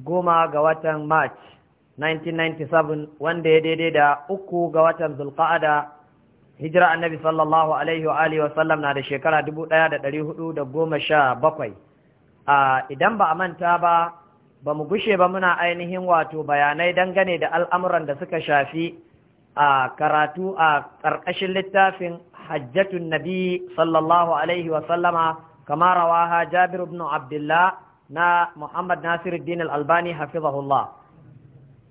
goma ga watan march 1997 wanda ya daidai da uku ga watan zulqa'ada hijira annabi sallallahu alaihi wa alihi wasallam na da shekara 1417 a idan ba a manta ba ba mu gushe ba muna ainihin wato bayanai dangane da al'amuran da suka shafi a karatu a ƙarƙashin littafin hajjatun nabi sallallahu alaihi wasallama kama rawaha jabir ibn abdullah na Muhammad Nasiruddin Al-Albani hafizahullah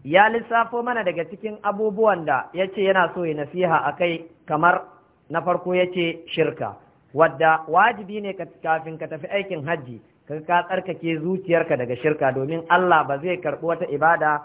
ya lissafo mana daga cikin abubuwan da ya ce yana so ya nasiha a kai kamar na farko ya ce shirka wadda wajibi ne kafin ka tafi aikin hajji ka ka tsarkake zuciyarka daga shirka domin Allah ba zai karɓi wata ibada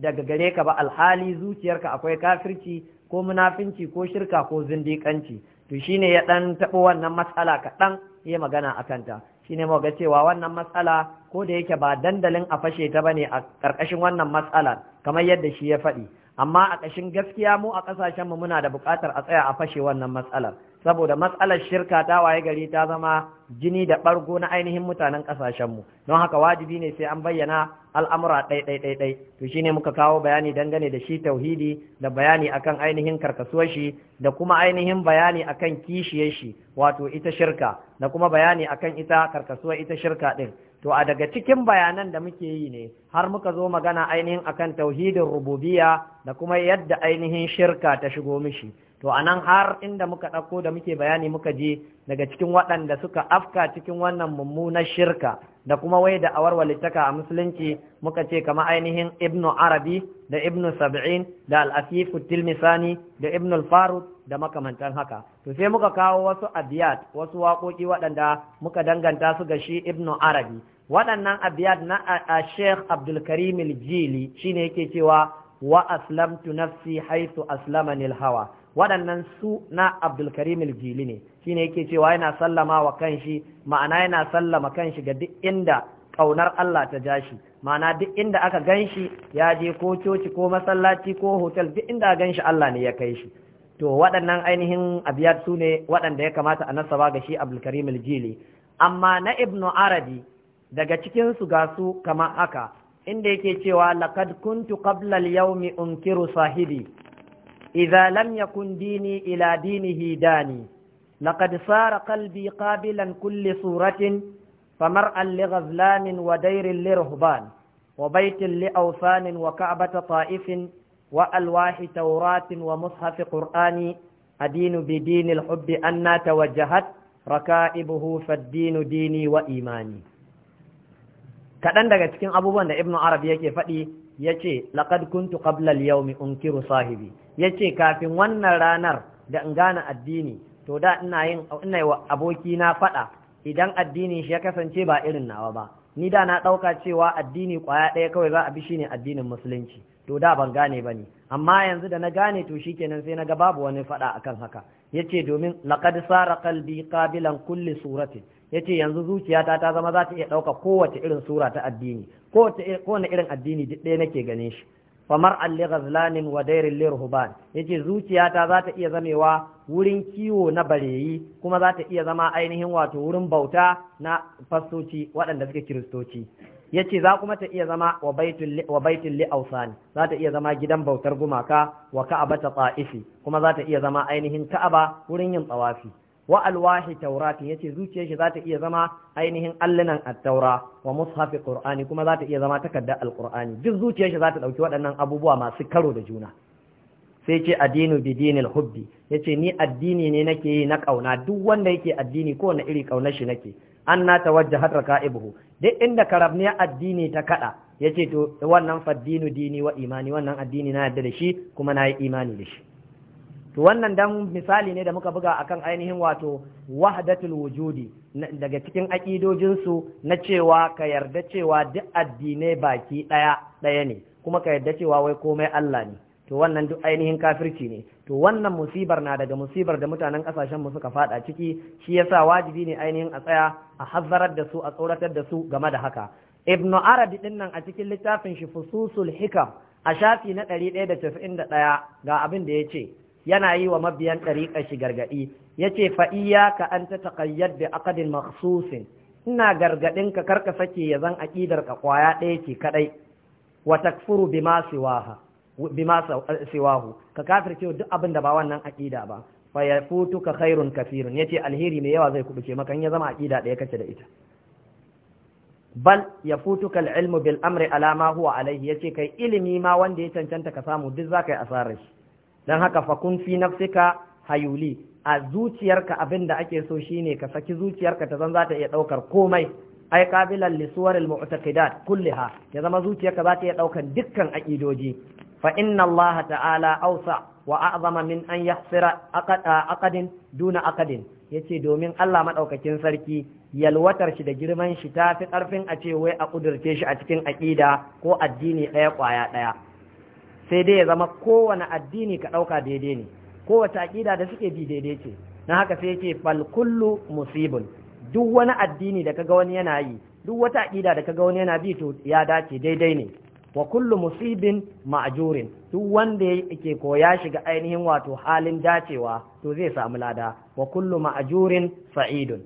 daga gare ka ba alhali zuciyarka akwai kafirci ko munafinci ko shirka ko zindiƙanci to shi ne ya ɗan taɓo wannan matsala kaɗan ya magana a kanta shine mu ga cewa wannan matsala ko da yake ba dandalin a fashe ta bane a ƙarƙashin wannan matsala kamar yadda shi ya faɗi amma a ƙashin gaskiya mu a ƙasashen mu muna da buƙatar a tsaya a fashe wannan matsalar saboda matsalar shirka ta waye gari ta zama jini da ɓargo na ainihin mutanen ƙasashenmu don haka wajibi ne sai an bayyana al'amura ɗai-ɗai-ɗai to shine muka kawo bayani dangane da shi tauhidi da bayani akan ainihin karkasuwar shi da kuma ainihin bayani akan kishiyar shi wato ita shirka da kuma bayani akan ita karkasuwar ita shirka ɗin to a daga cikin bayanan da muke yi ne har muka zo magana ainihin akan tauhidin rububiya da kuma yadda ainihin shirka ta shigo mishi to a nan har inda muka ɗauko da muke bayani muka je daga cikin waɗanda suka afka cikin wannan mummunar shirka da kuma wai da awar walittaka a musulunci muka ce kama ainihin ibnu arabi da ibnu sab'in da al'asifu tilmisani da ibnu faru da makamantan haka to sai muka kawo wasu abiyat wasu waƙoƙi waɗanda muka danganta su ga shi ibnu arabi waɗannan abiyat na a sheikh abdulkarim jili shine yake cewa wa aslamtu nafsi haythu aslamani al-hawa waɗannan su na abdulkarim aljili ne shine yake cewa yana sallama wa kanshi ma'ana yana sallama kanshi ga duk inda ƙaunar Allah ta ja shi ma'ana duk inda aka ganshi ya je ko coci ko masallaci ko hotel duk inda ganshi Allah ne ya kai shi to waɗannan ainihin abiyar su ne waɗanda ya kamata a nasaba ga shi abdulkarim aljili amma na ibnu arabi daga cikin su ga su kamar haka inda yake cewa laqad kuntu qabla al-yawmi unkiru sahibi idza lam yakun dini ila dinihi dani laqad sara kalbi kabilan kulle suratin famar'an li ghazlanin wa dairin li ruhban wa baitin li awsanin wa ka'bata ta'ifin wa alwahi tauratin wa mushafi qur'ani adinu bi dinil hubbi anna tawajjahat raka'ibuhu fad dinu dini wa imani kaɗan daga cikin abubuwan da ibnu arab yake faɗi ya ce laƙad kuntu qablal yaumi unkiru sahibi ya ce kafin wannan ranar da in gane addini to da ina yin ina yi wa aboki na faɗa idan addinin shi ya kasance ba irin nawa ba ni da na ɗauka cewa addini kwaya ɗaya kawai za a bi shine addinin musulunci to da ban gane ba ne amma yanzu da na gane to shi kenan sai na ga babu wani faɗa akan haka yace domin laqad sara qalbi qabilan kulli surati yace yanzu zuciyata ta zama za ta iya ɗauka kowace irin sura ta addini kowace irin addini duk ɗaya nake ganin shi fa alligazlanin li ghazlanin wa dairin yace zuciyata za ta iya zamewa wurin kiwo na bareyi kuma za ta iya zama ainihin wato wurin bauta na fastoci waɗanda suke kiristoci yace za kuma ta iya zama wa baitul wa baitul za ta iya zama gidan bautar gumaka wa Ka'aba ta ta'ifi kuma za ta iya zama ainihin ka'aba wurin yin tsawafi wa alwahi Tauratin yace zuciyar shi za ta iya zama ainihin allunan at-taura wa mushafi qur'ani kuma zata iya zama takaddar alqur'ani duk zuciyar shi za ta dauki waɗannan abubuwa masu karo da juna sai ce addinu bi dinil hubbi yace ni addini ne nake yi na kauna duk wanda yake addini ko na iri kauna shi nake an na tawajjahat raka'ibuhu duk inda karabniya addini ta kada yace to wannan faddinu dini wa imani wannan addini na yadda da shi kuma na yi imani da shi to wannan dan misali ne da muka buga akan ainihin wato wahdatul wujudi daga cikin aƙidojinsu na cewa ka yarda cewa duk addinai baki ɗaya ɗaya ne kuma ka yarda cewa wai komai Allah ne to wannan duk ainihin kafirci ne to wannan musibar na daga musibar da mutanen kasashen mu suka fada ciki shi yasa wajibi ne ainihin a tsaya a hazzarar da su a tsoratar da su game da haka Ibn arabi din a cikin littafin shi fususul hikam a shafi na 191 ga abin da ya ce yana yi wa mabiyan ɗariƙa shi gargaɗi ya ce fa'iya ka an ta taƙayyar da akadin maksusin ina gargaɗin ka karka sake ya zan aƙidar ka ƙwaya ɗaya ce kaɗai wa takfuru bima eh, siwahu ka cewa duk abin da ba wannan aƙida ba fa ya futu ka khairun kafirun ce alheri mai yawa zai kubuce maka ya zama aƙida ɗaya kace da ita bal ya futu kal ilmu bil amri ala ma huwa alaihi yace kai ilimi ma wanda ya cancanta ka samu duk zaka yi asarar shi don haka fakun fi nafsika hayuli a zuciyarka abin da ake so shine ka saki zuciyarka ta zan za ta iya daukar komai ai qabilan li suwaril mu'taqidat kulliha ya zama zuciyarka za ta iya ɗaukar dukkan aqidoji fa inna Allah ta'ala ausa wa a'zama min an yahsira aqadin duna aqadin yace domin Allah madaukakin sarki yalwatar shi da girman shi ta fi karfin a ce wai a kudurce shi a cikin aqida ko addini ɗaya kwaya ɗaya sai dai ya zama kowane addini ka ɗauka daidai ne kowace aƙida da suke bi daidai ce na haka sai yake fal kullu musibun duk wani addini da kaga wani yana yi duk wata aƙida da ka ga wani yana bi to ya dace daidai ne wa kullu musibin ma'jurin duk wanda yake koya shiga ainihin wato halin dacewa to zai samu lada wa kullu ma'jurin sa'idun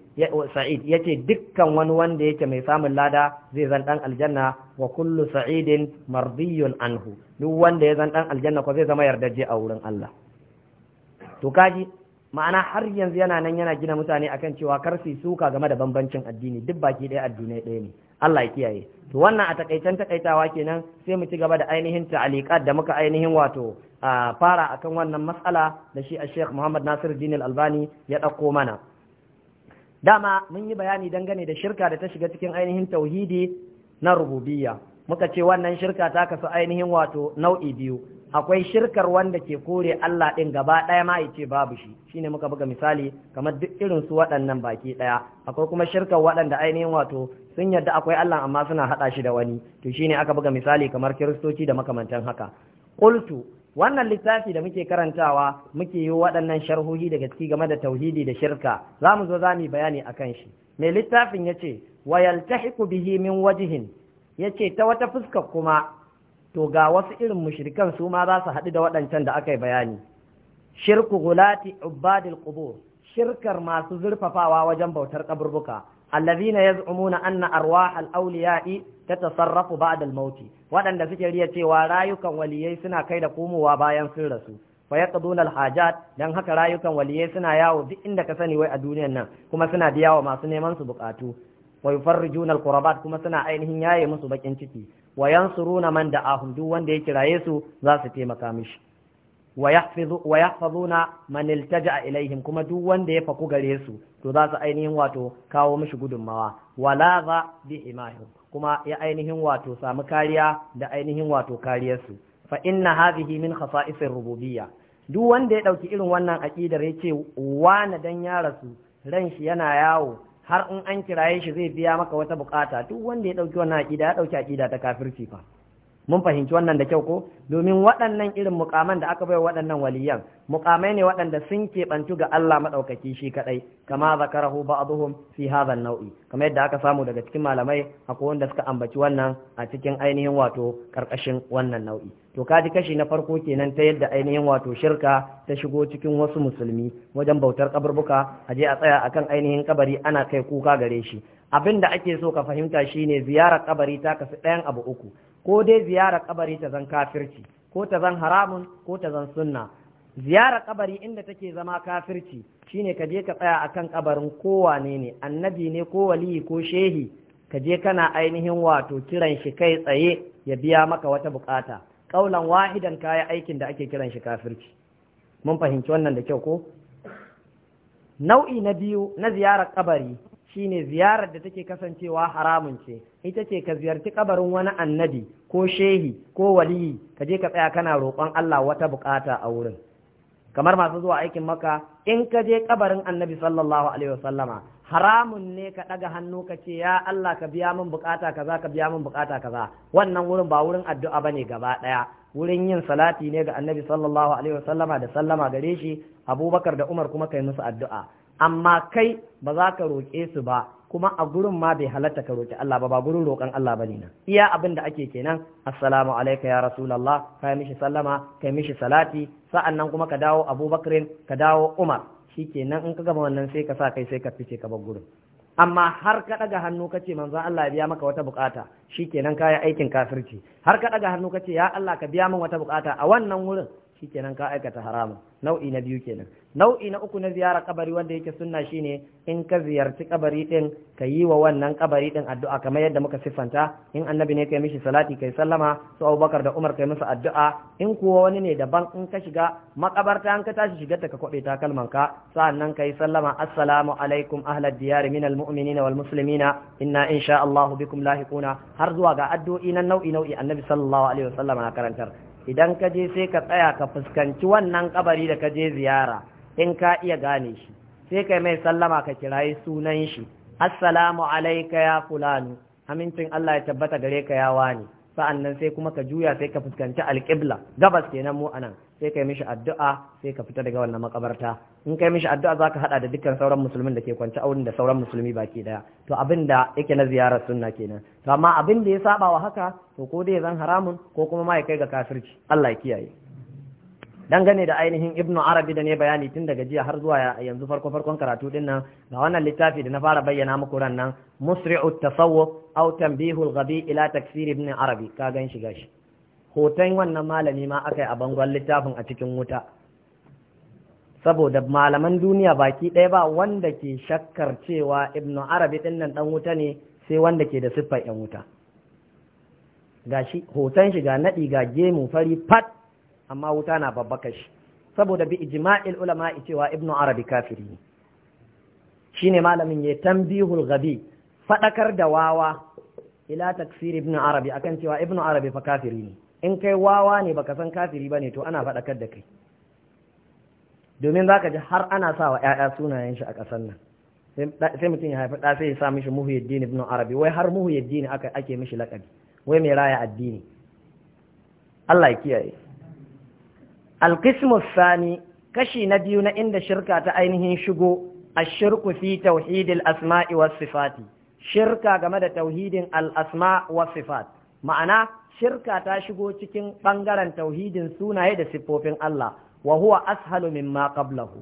sa'id yace dukkan wani wanda yake mai samun lada zai zan dan aljanna wa kullu sa'idin mardiyun anhu duk wanda ya zan dan aljanna ko zai zama yardaje a wurin Allah to kaji ma'ana har yanzu yana nan yana gina mutane akan cewa karfi suka game da bambancin addini duk baki ɗaya addinai ɗaya ne Allah ya kiyaye to wannan a takaicen takaitawa kenan sai mu ci gaba da ainihin ta'aliqat da muka ainihin wato fara akan wannan matsala da shi a Sheikh Muhammad Nasir Din Albani ya ɗauko mana dama mun yi bayani dangane da shirka da ta shiga cikin ainihin tauhidi na rububiyya muka ce wannan shirka ta kasu ainihin wato nau'i biyu akwai shirkar wanda ke kore Allah ɗin gaba ɗaya ma ya babu shi shine muka buga misali kamar duk irin su waɗannan baki ɗaya akwai kuma shirkar waɗanda ainihin wato sun yarda akwai Allah amma suna haɗa shi da wani to shine aka buga misali kamar kiristoci da makamantan haka qultu wannan littafi da muke karantawa muke yi waɗannan sharhohi daga ciki game da tauhidi da shirka za mu zo za mu bayani akan shi mai littafin ya ce wa yaltahiqu bihi min wajhin ya ce ta wata fuskar kuma to ga wasu irin mushrikan su ma za su haɗu da waɗancan da aka yi bayani shirku gulati ubadil qubur shirkar masu zurfafawa wajen bautar kaburbuka allazina yaz'umuna anna al awliya'i tatasarrafu ba'da al mauti waɗanda suke riya cewa rayukan waliyai suna kai da komowa bayan sun rasu fa yaqduna al-hajat dan haka rayukan waliyai suna yawo duk inda ka sani wai a duniyar nan kuma suna biya wa masu neman su bukatu wa yufarrijuna al-qurabat kuma suna ainihin yaye musu bakin ciki wa yansuruna man ahun duk wanda ya kiraye su za su taimaka mishi wa yahfazuna man iltaja ilaihim kuma duk wanda ya faku gare su to za su ainihin wato kawo mishi gudunmawa wala za bi imahim kuma ya ainihin wato samu kariya da ainihin wato kariyar su fa inna hadhihi min khasa'isir rububiyya duk wanda ya dauki irin wannan aqidar yace na dan ya rasu ran shi yana yawo har in an kiraye shi zai biya maka wata bukata duk wanda ya dauki wannan akida ya dauki akida ta kafirci fa mun fahimci wannan da kyau ko domin waɗannan irin mukaman da aka bai waɗannan waliyan mukamai ne waɗanda sun keɓantu ga Allah maɗaukaki shi kaɗai kama zakarahu ba'dhum fi hadha nau'i kamar yadda aka samu daga cikin malamai akwai wanda suka ambaci wannan a cikin ainihin wato ƙarƙashin wannan nau'i to ka ji kashi na farko kenan ta yadda ainihin wato shirka ta shigo cikin wasu musulmi wajen bautar kaburbuka a je a tsaya akan ainihin kabari ana kai kuka gare shi abin da ake so ka fahimta shine ziyarar kabari ta kasu ɗayan abu uku ko dai ziyarar kabari ta zan kafirci ko ta zan haramun ko ta zan sunna ziyarar kabari inda take zama kafirci shine ka je ka tsaya akan kabarin kowane ne annabi ne ko waliyi ko shehi ka je kana ainihin wato kiran shi kai tsaye ya biya maka wata bukata ƙaulan wahidan kaya aikin da ake kiran shi kafirci mun fahimci wannan da kyau ko nau'i na biyu na ziyarar kabari shine ziyarar da take kasancewa haramun ce ita ce ka ziyarci ƙabarin wani annabi ko shehi ko waliyi ka je ka tsaya kana roƙon Allah wata bukata a wurin kamar masu zuwa aikin maka in ka je ƙabarin annabi sallallahu alaihi wasallama haramun ne ka ɗaga hannu ka ce ya Allah ka biya min bukata kaza ka biya min bukata kaza wannan wurin ba wurin addu'a bane gaba ɗaya wurin yin salati ne ga annabi sallallahu alaihi wasallama da sallama gare shi abubakar da umar kuma kai musu addu'a amma kai ba za ka roƙe su ba kuma a gurin ma bai halatta ka roƙi Allah ba ba gurin roƙon Allah bane nan iya abin da ake kenan assalamu alayka ya rasulullah kai mishi sallama kai mishi salati sa'annan kuma ka dawo abubakarin ka dawo umar shikenan in ka gama wannan sai ka sa kai sai ka fice ka bar gurin amma har ka daga hannu ka ce manzon Allah ya biya maka wata bukata shikenan yi aikin kafirci har ka daga hannu ka ce ya Allah ka biya min wata bukata a wannan wurin shikenan ka aikata harama nau'i na biyu kenan nau'i na uku na ziyara kabari wanda yake sunna shine in ka ziyarci kabari din ka yi wa wannan kabari din addu'a kamar yadda muka siffanta in annabi ne kai mishi salati kai sallama su Abubakar da Umar kai musu addu'a in kuwa wani ne daban in ka shiga makabarta an ka tashi shiga ta ka kwabe takalman ka sa'annan kai sallama assalamu alaikum ahlad diyar minal mu'minina wal muslimina inna insha Allah bikum lahiquna har zuwa ga addu'i na nau'i nau'i annabi sallallahu alaihi wasallama na karantar idan ka je sai ka tsaya ka fuskanci wannan kabari da ka je ziyara in ka iya gane shi sai kai mai sallama ka kirayi sunan shi assalamu alaika ya fulanu amincin Allah ya tabbata gare ka ya wani sa'annan sai kuma ka juya sai ka fuskanci alƙibla gabas kenan mu anan sai ka yi mishi addu'a sai ka fita daga wannan makabarta in ka yi mishi addu'a za ka hada da dukkan sauran musulmin da ke kwance wurin da sauran musulmi baki daya to abin da yake na ziyarar sunna kenan to amma abin da ya saba wa haka to ko dai zan haramun ko kuma ma ya kai ga kafirci Allah ya kiyaye dangane da ainihin ibnu arabi da ne bayani tun daga jiya har zuwa yanzu farko farkon karatu din nan ga wannan littafi da na fara bayyana muku ran nan musri'u tasawwuf aw tanbihul ghabi ila takfir ibn arabi ka gan shi gashi hoton wannan malami ma aka yi a bangon littafin a cikin wuta saboda malaman duniya baki ɗaya ba wanda ke shakkar cewa ibnu arabi ɗin nan ɗan wuta ne sai wanda ke da siffar ‘yan wuta ga shi hoton shi ga naɗi ga gemu fari fat amma wuta na babbaka shi saboda bi ijma'il ulama cewa ibnu arabi kafiri ne Shi ne malamin ya tambihul gabi faɗakar da wawa ila taksiri, ibnu arabi akan cewa ibnu arabi fa kafiri ne in kai wawa ne baka san kafiri ba ne to ana faɗakar da kai domin za ka ji har ana sa wa 'ya'ya sunayen shi a ƙasar nan sai mutum ya haifi ɗa sai ya sa mishi muhyiddin ibn arabi wai har muhyiddin aka ake mishi laƙabi wai mai raya addini Allah ya kiyaye alqismu sani kashi na biyu na inda shirka ta ainihin shigo ashirku fi tauhidil asma'i was sifati shirka game da tauhidin al asma' was sifat ma'ana shirka ta shigo cikin ɓangaren tauhidin sunaye da siffofin Allah wa huwa ashalu mimma qablahu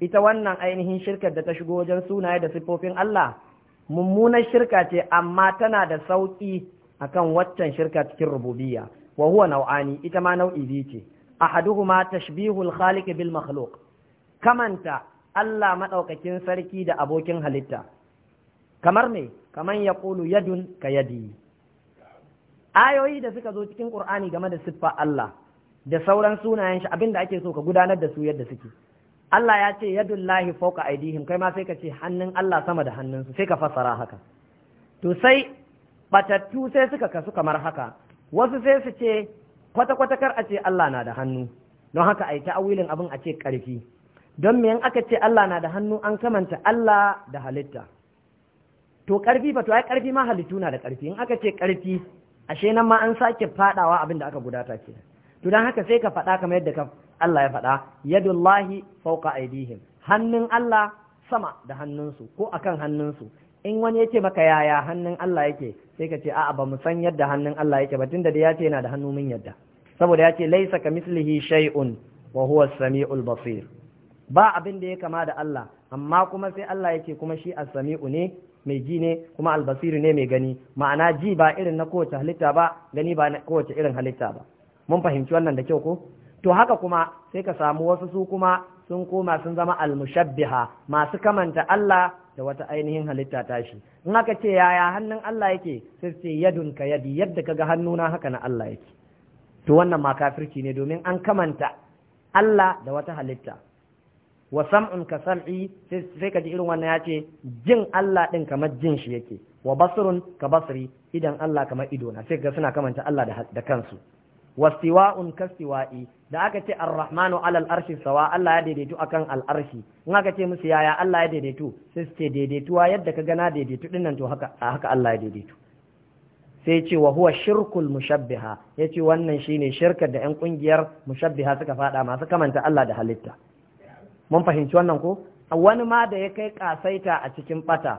ita wannan ainihin shirkar da ta shigo wajen sunaye da siffofin Allah mummunar shirka ce amma tana da sauki akan waccan shirka cikin rububiyya wa huwa nau'ani ita ma nau'i biyu ce ahaduhuma tashbihul khaliq bil makhluq kamanta Allah madaukakin sarki da abokin halitta kamar me kaman yaqulu yadun ka yadi ayoyi da suka zo cikin qur'ani game da siffa Allah da sauran sunayen shi abinda ake so ka gudanar da su yadda suke Allah ya ce yadullahi fawqa aidihim kai ma sai ka ce hannun Allah sama da hannunsu sai ka fassara haka to sai batattu sai suka kasu kamar haka wasu sai su ce kwata-kwata kar a ce Allah na da hannu don haka a yi ta'awilin abin a ce ƙarfi don me aka ce Allah na da hannu an kamanta Allah da halitta to ƙarfi ba to ai ƙarfi ma halittu na da ƙarfi in aka ce karfi ashe nan ma an sake fadawa abin da aka gudata ke to dan haka sai ka fada kamar yadda ka Allah ya fada. yadullahi fawqa aidihim hannun Allah sama da hannunsu ko akan hannunsu in wani yake maka yaya hannun Allah yake sai ka ce a'a ba mu san yadda hannun Allah yake ba tunda da yace yana da hannu mun yadda saboda yace laisa kamislihi shay'un wa huwa as-sami'ul basir ba abin da ya kama da Allah amma kuma sai Allah yake kuma shi as-sami'u ne mai ji ne kuma albasiri ne mai gani ma'ana ji ba irin na kowace halitta ba gani ba na kowace irin halitta ba mun fahimci wannan da kyau ko to haka kuma sai ka samu wasu su kuma sun koma sun zama almushabbiha masu kamanta Allah da wata ainihin halitta tashi in haka ce yaya hannun Allah yake sai ce yadun ka yadi yadda kaga hannuna haka na Allah yake to wannan ma kafirci ne domin an kamanta Allah da wata halitta wa sam'un ka sam'i sai ka ji irin wannan ya ce jin Allah din kamar jin shi yake wa basrun ka basri idan Allah kamar ido na sai ga suna kamanta Allah da kansu ka siwa'i da aka ce ar-rahmanu alal arshi sawa Allah ya daidaitu akan al-arshi in aka ce musu yaya Allah ya daidaitu sai su ce daidaituwa yadda ka gana daidaitu dinnan to haka haka Allah ya daidaitu sai ce wa huwa shirkul mushabbiha yace wannan shine shirkar da yan kungiyar mushabbiha suka faɗa. masu kamanta Allah da halitta mun fahimci wannan ko wani ma da ya kai kasaita a cikin bata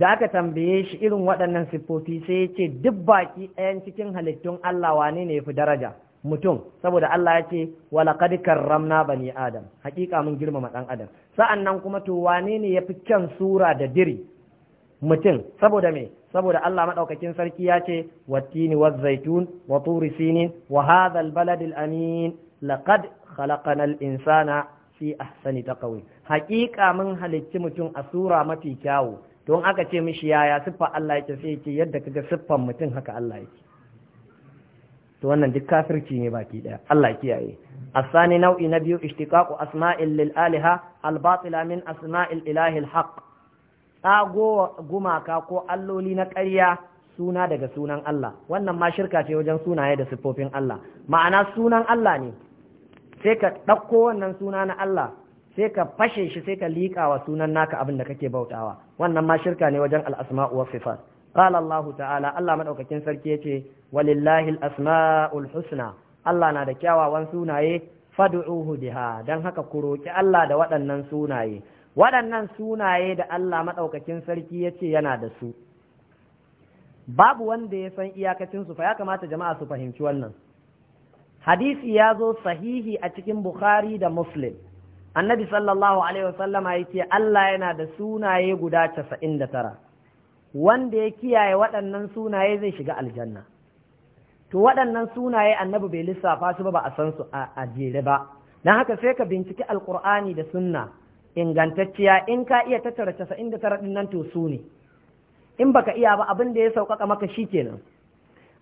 da aka tambaye shi irin waɗannan siffofi sai ya ce duk baki ɗayan cikin halittun Allah wane ne ya fi daraja mutum saboda Allah ya ce walaqad karramna bani adam hakika mun girmama ɗan adam sa'annan kuma to wane ne ya fi kyan sura da diri mutum saboda me saboda Allah madaukakin sarki ya ce wattini waz zaitun wa turi sinin wa hadha al al amin laqad khalaqana al insana fi ahsani taqawi haƙiƙa mun halicci mutum a sura mafi kyawu don aka ce mishi yaya siffa Allah yake sai yake yadda kaga siffan mutum haka Allah yake to wannan duk kafirci ne baki daya Allah kiyaye asani nau'i na biyu ishtiqaqu asma'il lil aliha al batila min asma'il ilahi al haqq tsago gumaka ko alloli na ƙarya suna daga sunan Allah wannan ma shirka ce wajen sunaye da siffofin Allah ma'ana sunan Allah ne sai ka ɗauko wannan suna na Allah sai ka fashe shi sai ka liƙa wa sunan naka abin da kake bautawa wannan ma shirka ne wajen al'asma'u wa sifat qala ta'ala Allah maɗaukakin sarki yace walillahi al-asma'ul husna Allah na da kyawawan sunaye fad'uhu biha dan haka ku roƙi Allah da waɗannan sunaye waɗannan sunaye da Allah maɗaukakin sarki yace yana da su babu wanda ya san iyakacin su fa ya kamata jama'a su fahimci wannan hadisi ya zo sahihi a cikin bukhari da muslim annabi sallallahu alaihi wasallama ya ce allah yana da sunaye guda casa'in da tara wanda ya kiyaye waɗannan sunaye zai shiga aljanna to waɗannan sunaye annabi bai lissafa su ba a san su a jere ba don haka sai ka binciki alkur'ani da sunna ingantacciya in ka iya tattara casa'in da tara ɗin nan to su ne in baka iya ba abin da ya sauƙaƙa maka shi kenan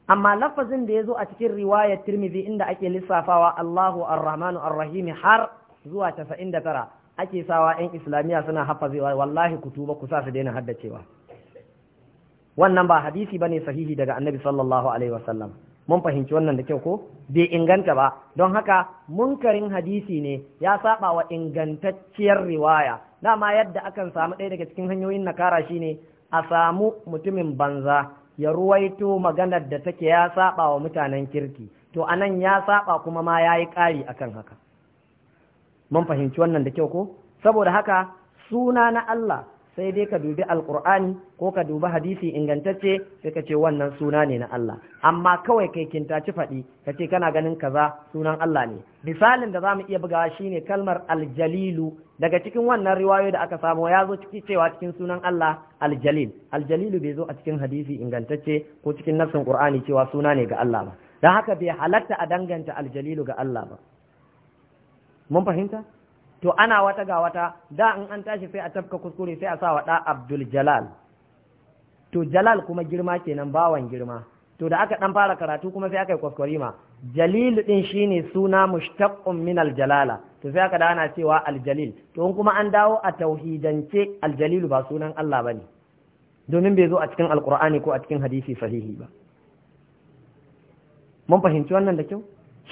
amma lafazin da ya zo a cikin riwayar tirmidhi inda ake lissafawa Allahu ar-Rahmanu ar-Rahim har zuwa 99 ake sawa ƴan islamiya suna hafazewa wallahi kutuba tuba ku sa su daina haddacewa wannan ba hadisi bane sahihi daga annabi sallallahu alaihi wasallam mun fahimci wannan da kyau ko bai inganta ba don haka munkarin hadisi ne ya saba wa ingantacciyar riwaya dama yadda akan samu ɗaya daga cikin hanyoyin nakara shine a samu mutumin banza ya ruwaito maganar da take ya saba wa mutanen kirki to anan ya saba kuma ma ya yi ƙari akan haka mun fahimci wannan da kyau ko saboda haka suna na Allah sai dai ka dubi alkur'ani ko ka dubi hadisi ingantacce sai ka ce wannan suna ne na Allah amma kawai kai kintaci faɗi ka ce kana ganin kaza sunan Allah ne misalin da zamu iya bugawa shine kalmar aljalilu daga cikin wannan riwayoyi da aka samu ya zo ciki cewa cikin sunan Allah aljalil aljalilu bai zo a cikin hadisi ingantacce ko cikin nassin qur'ani cewa suna ne ga Allah ba dan haka bai halatta a danganta aljalilu ga Allah ba mun fahimta to ana wata ga wata da in an tashi sai a tafka kuskure sai a sa wa ɗa abdul jalal to jalal kuma girma kenan bawan girma to da aka ɗan fara karatu kuma sai aka yi kwaskwarima jalil ɗin shine suna mushtaqqun min al-jalala. to sai aka da ana cewa Al-Jalil. to in kuma an dawo a tauhidance al Jalil ba sunan Allah bane domin bai zo a cikin alqur'ani ko a cikin hadisi sahihi ba mun fahimci wannan da kyau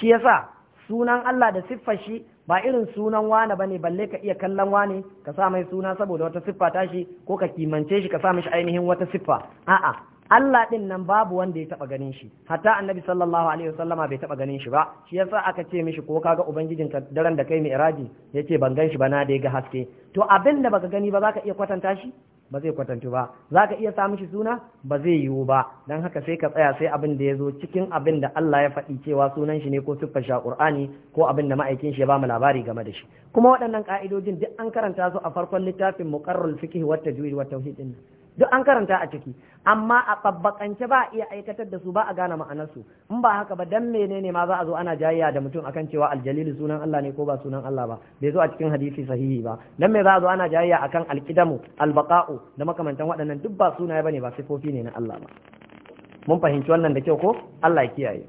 shi yasa sunan Allah da siffar shi ba irin sunan wane bane balle ka iya kallon wane ka sa mai suna saboda wata siffa ta shi ko ka kimance shi ka sa mishi ainihin wata siffa a'a Allah din nan babu wanda ya taba ganin shi hatta annabi sallallahu alaihi wasallama bai taba ganin shi ba shi yasa aka ce mishi ko kaga ubangijin ka daren da kai mai iraji yace ban gan shi ba na da ya ga haske to abin da baka gani ba zaka iya kwatanta shi ba zai kwatantu ba za ka iya samun shi suna ba zai yiwu ba don haka sai ka tsaya sai abin da ya zo cikin abin da Allah ya faɗi cewa sunan shi ne ko siffar shi ko abin da ma'aikin shi ya ba mu labari game da shi kuma waɗannan ka'idojin duk an karanta su a farkon littafin muqarrul fiqh wa tajwid wa tauhid duk an karanta a ciki amma a babbakance ba a iya aikatar da su ba a gane ma'anarsu in ba haka ba dan menene ma za a zo ana jayayya da mutum akan cewa aljalili sunan Allah ne ko ba sunan Allah ba bai zo a cikin hadisi sahihi ba dan me za a zo ana jayayya akan alqidamu albaqa'u da makamantan waɗannan duk ba sunaye bane ba sifofi ne na Allah ba mun fahimci wannan da kyau ko Allah ya kiyaye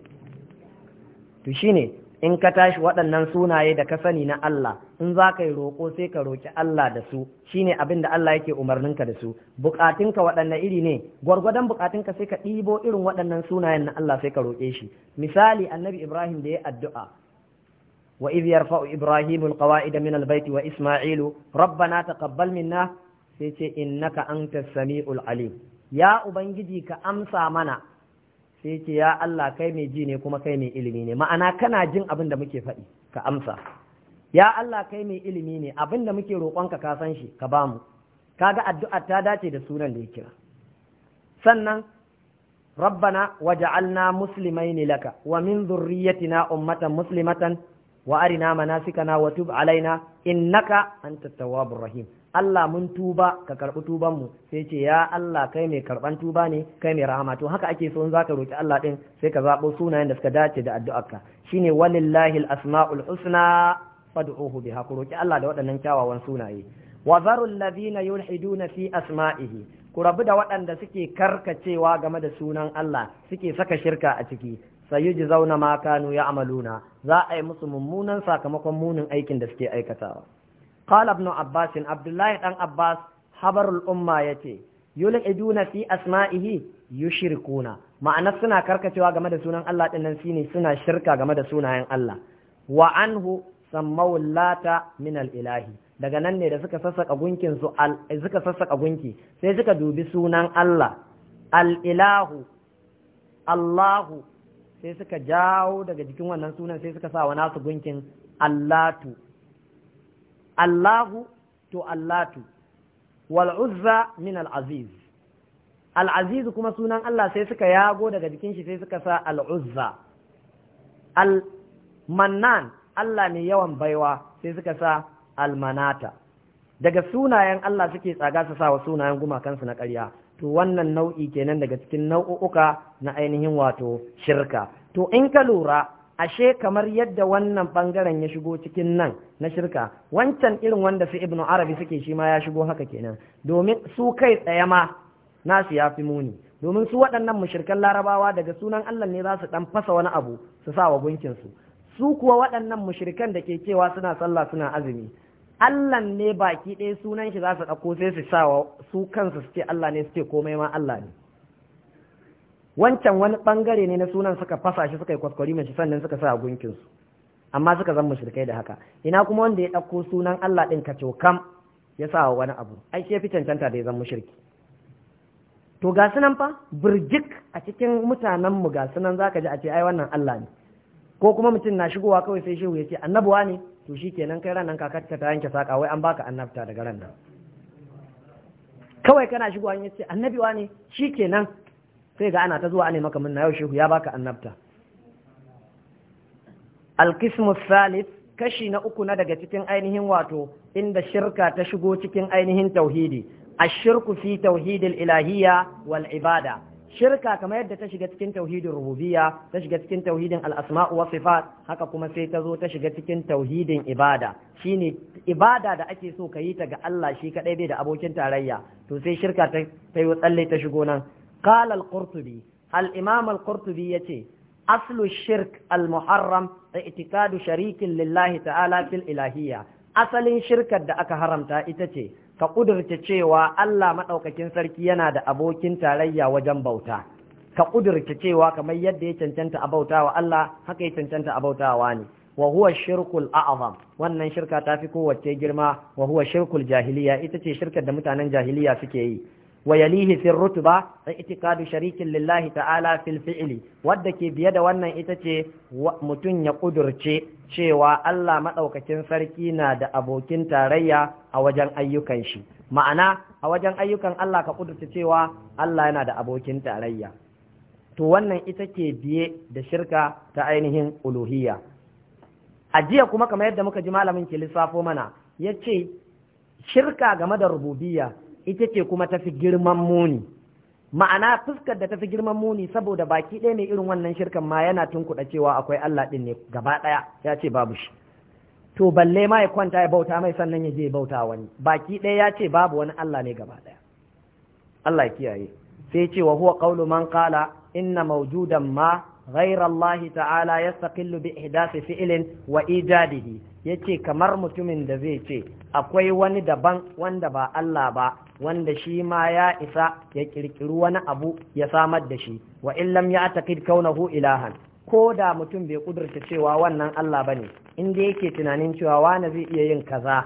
to shine in ka tashi waɗannan sunaye da ka sani na Allah in za ka yi roƙo sai ka roƙi Allah da su shine abin da Allah yake umarninka da su buƙatunka waɗanne iri ne gwargwadon buƙatunka sai ka ɗibo irin waɗannan sunayen na Allah sai ka roƙe shi misali annabi Ibrahim da ya addu'a wa iz yarfa'u Ibrahim alqawa'ida min albayt wa Isma'ilu rabbana taqabbal minna sai ce innaka antas samiul alim ya ubangiji ka amsa mana sai ce ya Allah kai mai ji ne kuma kai mai ilimi ne ma'ana kana jin abin da muke faɗi ka amsa ya Allah kai mai ilimi ne abin da muke roƙonka ka san shi ka bamu kaga addu'a ta dace da sunan da ya kira sannan rabbana waj'alna ne laka wa min dhurriyyatina ummatan muslimatan wa arina manasikana wa tub alaina innaka antat tawwabur rahim Allah mun tuba ka karɓi tuban mu sai ce ya Allah kai mai karɓan tuba ne kai mai rahama to haka ake so in zaka roki Allah din sai ka zabo sunayen da suka dace da addu'arka shine walillahi al-asma'ul husna fad'uhu biha ku roki Allah da waɗannan kyawawan sunaye wa zarul ladina yulhiduna fi asma'ihi ku rabu da waɗanda suke karkacewa game da sunan Allah suke saka shirka a ciki sayuji zauna ma kanu ya amaluna za a yi musu mummunan sakamakon munin aikin da suke aikatawa qala ibn abbas abdullahi dan abbas habarul umma yace Iduna fi asma'ihi yushrikuna ma'ana suna karkacewa game da sunan Allah din nan shine suna shirka game da sunayen Allah wa anhu sammau lata min ilahi daga nan ne da suka sassaka gunkin su suka sassaka gunki sai suka dubi sunan Allah al-ilahu Allahu sai suka jawo daga jikin wannan sunan sai suka sa wa nasu gunkin Allatu Allahu to Allatu wal Uzza min al-Aziz al-Aziz kuma sunan Allah sai suka yago daga jikin shi sai suka sa al-Uzza al-Mannan Allah ne yawan baiwa sai suka sa al-Manata daga sunayen Allah suke tsaga su sa wa sunayen gumakansu na ƙarya to wannan nau'i kenan daga cikin nau'uka na ainihin wato shirka to in ka lura ashe kamar yadda wannan bangaren ya shigo cikin nan na shirka wancan irin wanda su ibnu arabi suke shi ma ya shigo haka kenan domin su kai tsaye ma nasu ya fi muni domin su waɗannan mushirkan larabawa daga sunan allah ne za su ɗan fasa wani abu su sa wa gunkinsu su kuwa waɗannan mushirikan da ke cewa suna sallah suna azumi Allah ne baki ɗaya sunan shi za su ɗauko sai su wa su kansu su ce Allah ne su ce komai ma Allah ne wancan wani bangare ne na sunan suka fasa shi suka yi kwaskwari shi sannan suka sa a su amma suka zan mushrikai da haka ina kuma wanda ya ɗauko sunan Allah ɗin ka cokam ya sa wa wani abu ai shi ya fi cancanta da ya zama mushriki to ga sunan fa birjik a cikin mutanen mu ga sunan zaka ji a ce ai wannan Allah ne ko kuma mutum na shigowa kawai sai shehu ya ce annabuwa ne to shikenan kai ka kakarta ta yanke saka wai an baka annabta daga ran nan kawai kana shigowa ya ce annabiwa ne shikenan sai ga ana ta zuwa ne maka minna yau shehu ya baka annabta alkismus salis kashi na uku na daga cikin ainihin wato inda shirka ta shigo cikin ainihin tauhidi ashirku fi tauhidil ilahiya wal ibada shirka kamar yadda ta shiga cikin tauhidin rububiya ta shiga cikin tauhidin al'asma'u wa sifat haka kuma sai ta zo ta shiga cikin tauhidin ibada shine ibada da ake so ka yi ta ga Allah shi kadai bai da abokin tarayya to sai shirka ta yi tsalle ta shigo nan qala kurtubi qurtubi al-imam al-qurtubi yace aslu shirk al-muharram i'tikadu sharikin lillahi ta'ala fil ilahiyya asalin shirkar da aka haramta ita ce ka kudurta cewa Allah madaukakin sarki yana da abokin tarayya wajen bauta ka kudurta cewa kamar yadda ya cancanta a bautawa Allah haka ya cancanta a bautawa ne wa shirkul a'zam wannan shirka ta fi kowace girma wahuwa shirkul jahiliya ita ce shirkar da mutanen jahiliya suke yi ويليه في الرتبة sharikin Lillahi Ta'ala تعالى في ke biye da wannan ita ce mutun ya kudurce cewa Allah madaukakin sarki na da abokin tarayya a wajen ayyukan shi ma'ana a wajen ayyukan Allah ka kudurce cewa Allah yana da abokin tarayya to wannan ita ke biye da shirka ta ainihin uluhiyya a jiya kuma kamar yadda muka ji malamin ke lissafo mana Ya ce shirka game da rububiyya ita ce kuma ta fi girman muni ma'ana fuskar da ta fi girman muni saboda baki ɗaya mai irin wannan shirkan ma yana tunkuɗa cewa akwai Allah ɗin ne gaba ɗaya ya ce babu shi to balle ma ya kwanta ya bauta mai sannan ya je bauta wani baki ɗaya ya ce babu wani Allah ne gaba ɗaya Allah ya kiyaye sai ce wa huwa qawlu man qala inna mawjudan ma ghayra Allah ta'ala yastaqillu bi ihdasi fi'lin wa ijadihi ya ce kamar mutumin da zai ce akwai wani daban wanda ba Allah ba wanda shi ma ya isa ya ƙirƙiri wani abu ya samar da shi wa illam ya taƙid kaunahu ilahan ko da mutum bai kudurta cewa wannan Allah ba ne inda yake tunanin cewa wani zai iya yin kaza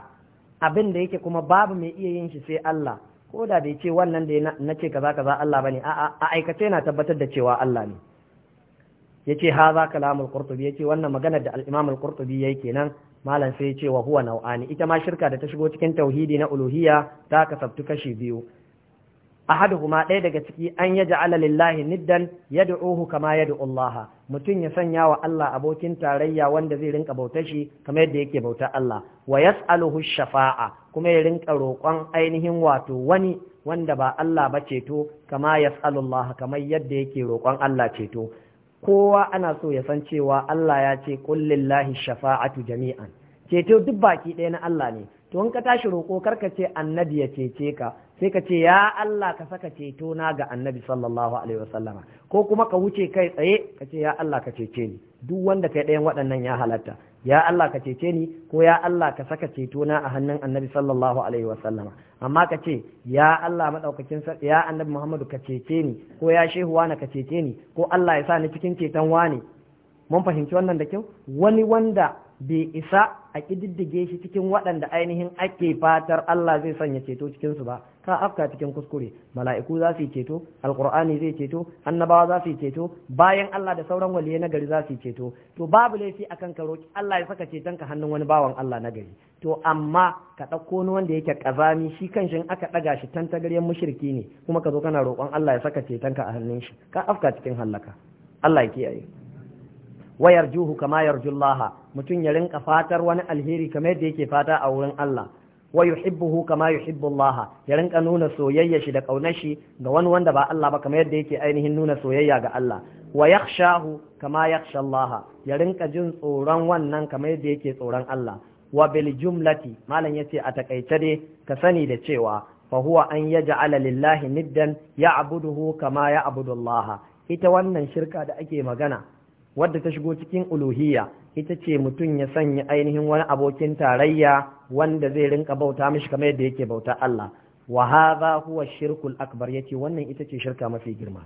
abin da yake kuma babu mai iya yin shi sai Allah ko da bai ce wannan da na ce kaza kaza Allah ba ne a aikace na tabbatar da cewa Allah ne yace haza kalamul qurtubi yace wannan maganar da al-imam al-qurtubi yake kenan malam sai ce wa huwa nau'ani ita ma shirka da ta shigo cikin tauhidi na uluhiyya ta kasabtu kashi biyu ahaduhuma ɗaya daga ciki an ya ja'ala lillahi niddan yad'uhu kama yad'u Allah mutum ya sanya wa Allah abokin tarayya wanda zai rinka bauta shi kamar yadda yake bauta Allah wa yas'aluhu shafa'a kuma ya rinka roƙon ainihin wato wani wanda ba Allah ba ceto kama yas'alullaha kamar yadda yake roƙon Allah ceto kowa ana so ya san cewa Allah ya ce kullillahi shafa'atu jami'an ceto duk baki ɗaya na Allah ne to in ka tashi roƙo karka ce annabi ya cece ka sai ka ce ya Allah ka saka ceto na ga annabi sallallahu alaihi wasallama ko kuma ka wuce kai tsaye ka ce ya Allah ka cece ni duk wanda kai ɗayan waɗannan ya halatta ya Allah ka cece ni ko ya Allah ka saka ceto na a hannun annabi sallallahu alaihi wasallama amma ka ce ya Allah madaukakin ya annabi Muhammadu ka cece ni ko ya shehu wani ka cece ni ko Allah ya sa ni cikin ceton wani mun fahimci wannan da kyau wani wanda bai isa a ƙididdige shi cikin waɗanda ainihin ake fatar Allah zai sanya ceto cikinsu ba ka afka cikin kuskure mala'iku za su yi ceto alƙur'ani zai ceto annabawa za su ceto bayan Allah da sauran waliyai na gari za su ceto to babu laifi akan ka roki Allah ya saka ceton ka hannun wani bawan Allah na gari to amma ka ɗauko ni wanda yake ƙazami shi kanshin aka ɗaga shi tantagaryen mushirki ne kuma ka zo kana roƙon Allah ya saka ceton ka a hannun shi ka afka cikin hallaka Allah ya kiyaye Wayar juhu kama yarjullaha mutum ya rinka fatar wani alheri kamar yadda yake fata a wurin Allah wa yuhibbuhu kama yuhibbullaha ya rinka nuna soyayya shi da kaunar shi ga wani wanda ba Allah ba kamar yadda yake ainihin nuna soyayya ga Allah wa yakhshahu kama yakhsha Allah ya rinka jin tsoron wannan kamar yadda yake tsoron Allah wa bil jumlati ya yace a takaice dai ka sani da cewa fa huwa an yaj'ala lillahi niddan ya'buduhu kama ya'budu Allah ita wannan shirka da ake magana wadda ta shigo cikin uluhiyya ita ce mutum ya sanya ainihin wani abokin tarayya wanda zai rinka bauta mishi kamar yadda yake bauta Allah wa hadha huwa shirkul akbar yace wannan ita ce shirka mafi girma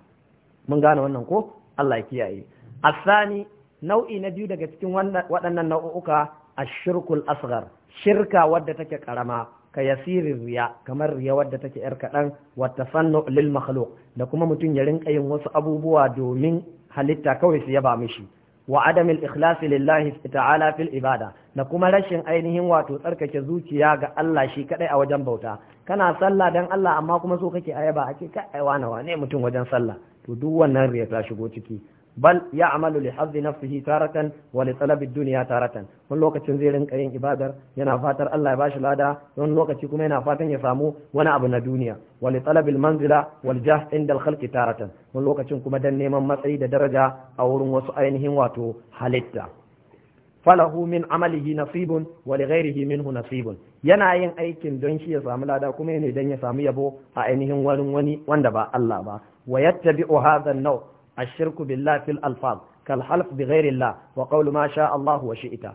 mun gane wannan ko Allah ya kiyaye asani nau'i na biyu daga cikin waɗannan nau'uka ashirkul asghar shirka wadda take karama ka riya kamar riya wadda take yar kaɗan wata fannu lil makhluq da kuma mutum ya rinka yin wasu abubuwa domin halitta kawai su yaba mishi wa adamil ikhlasi lillahi ta'ala fil ibada da kuma rashin ainihin wato tsarkake zuciya ga Allah shi kadai a wajen bauta kana sallah dan Allah amma kuma so kake ayaba ake ka aiwana wane mutum wajen sallah to duk wannan riya ta shigo ciki bal ya'malu li hazzi nafsihi taratan wani li duniya taratan wani lokacin zai rinka yin ibadar yana fatar Allah ya bashi lada wani lokaci kuma yana fatan ya samu wani abu na duniya wani li manzila wal jah inda al taratan wani lokacin kuma dan neman matsayi da daraja a wurin wasu ainihin wato halitta falahu min amalihi nasibun wa li ghairihi minhu nasibun yana yin aikin don shi ya samu lada kuma ne dan ya samu yabo a ainihin wani wani wanda ba Allah ba wa yattabi'u hadha an الشرك بالله في الألفاظ كالحلف بغير الله وقول ما شاء الله وشئت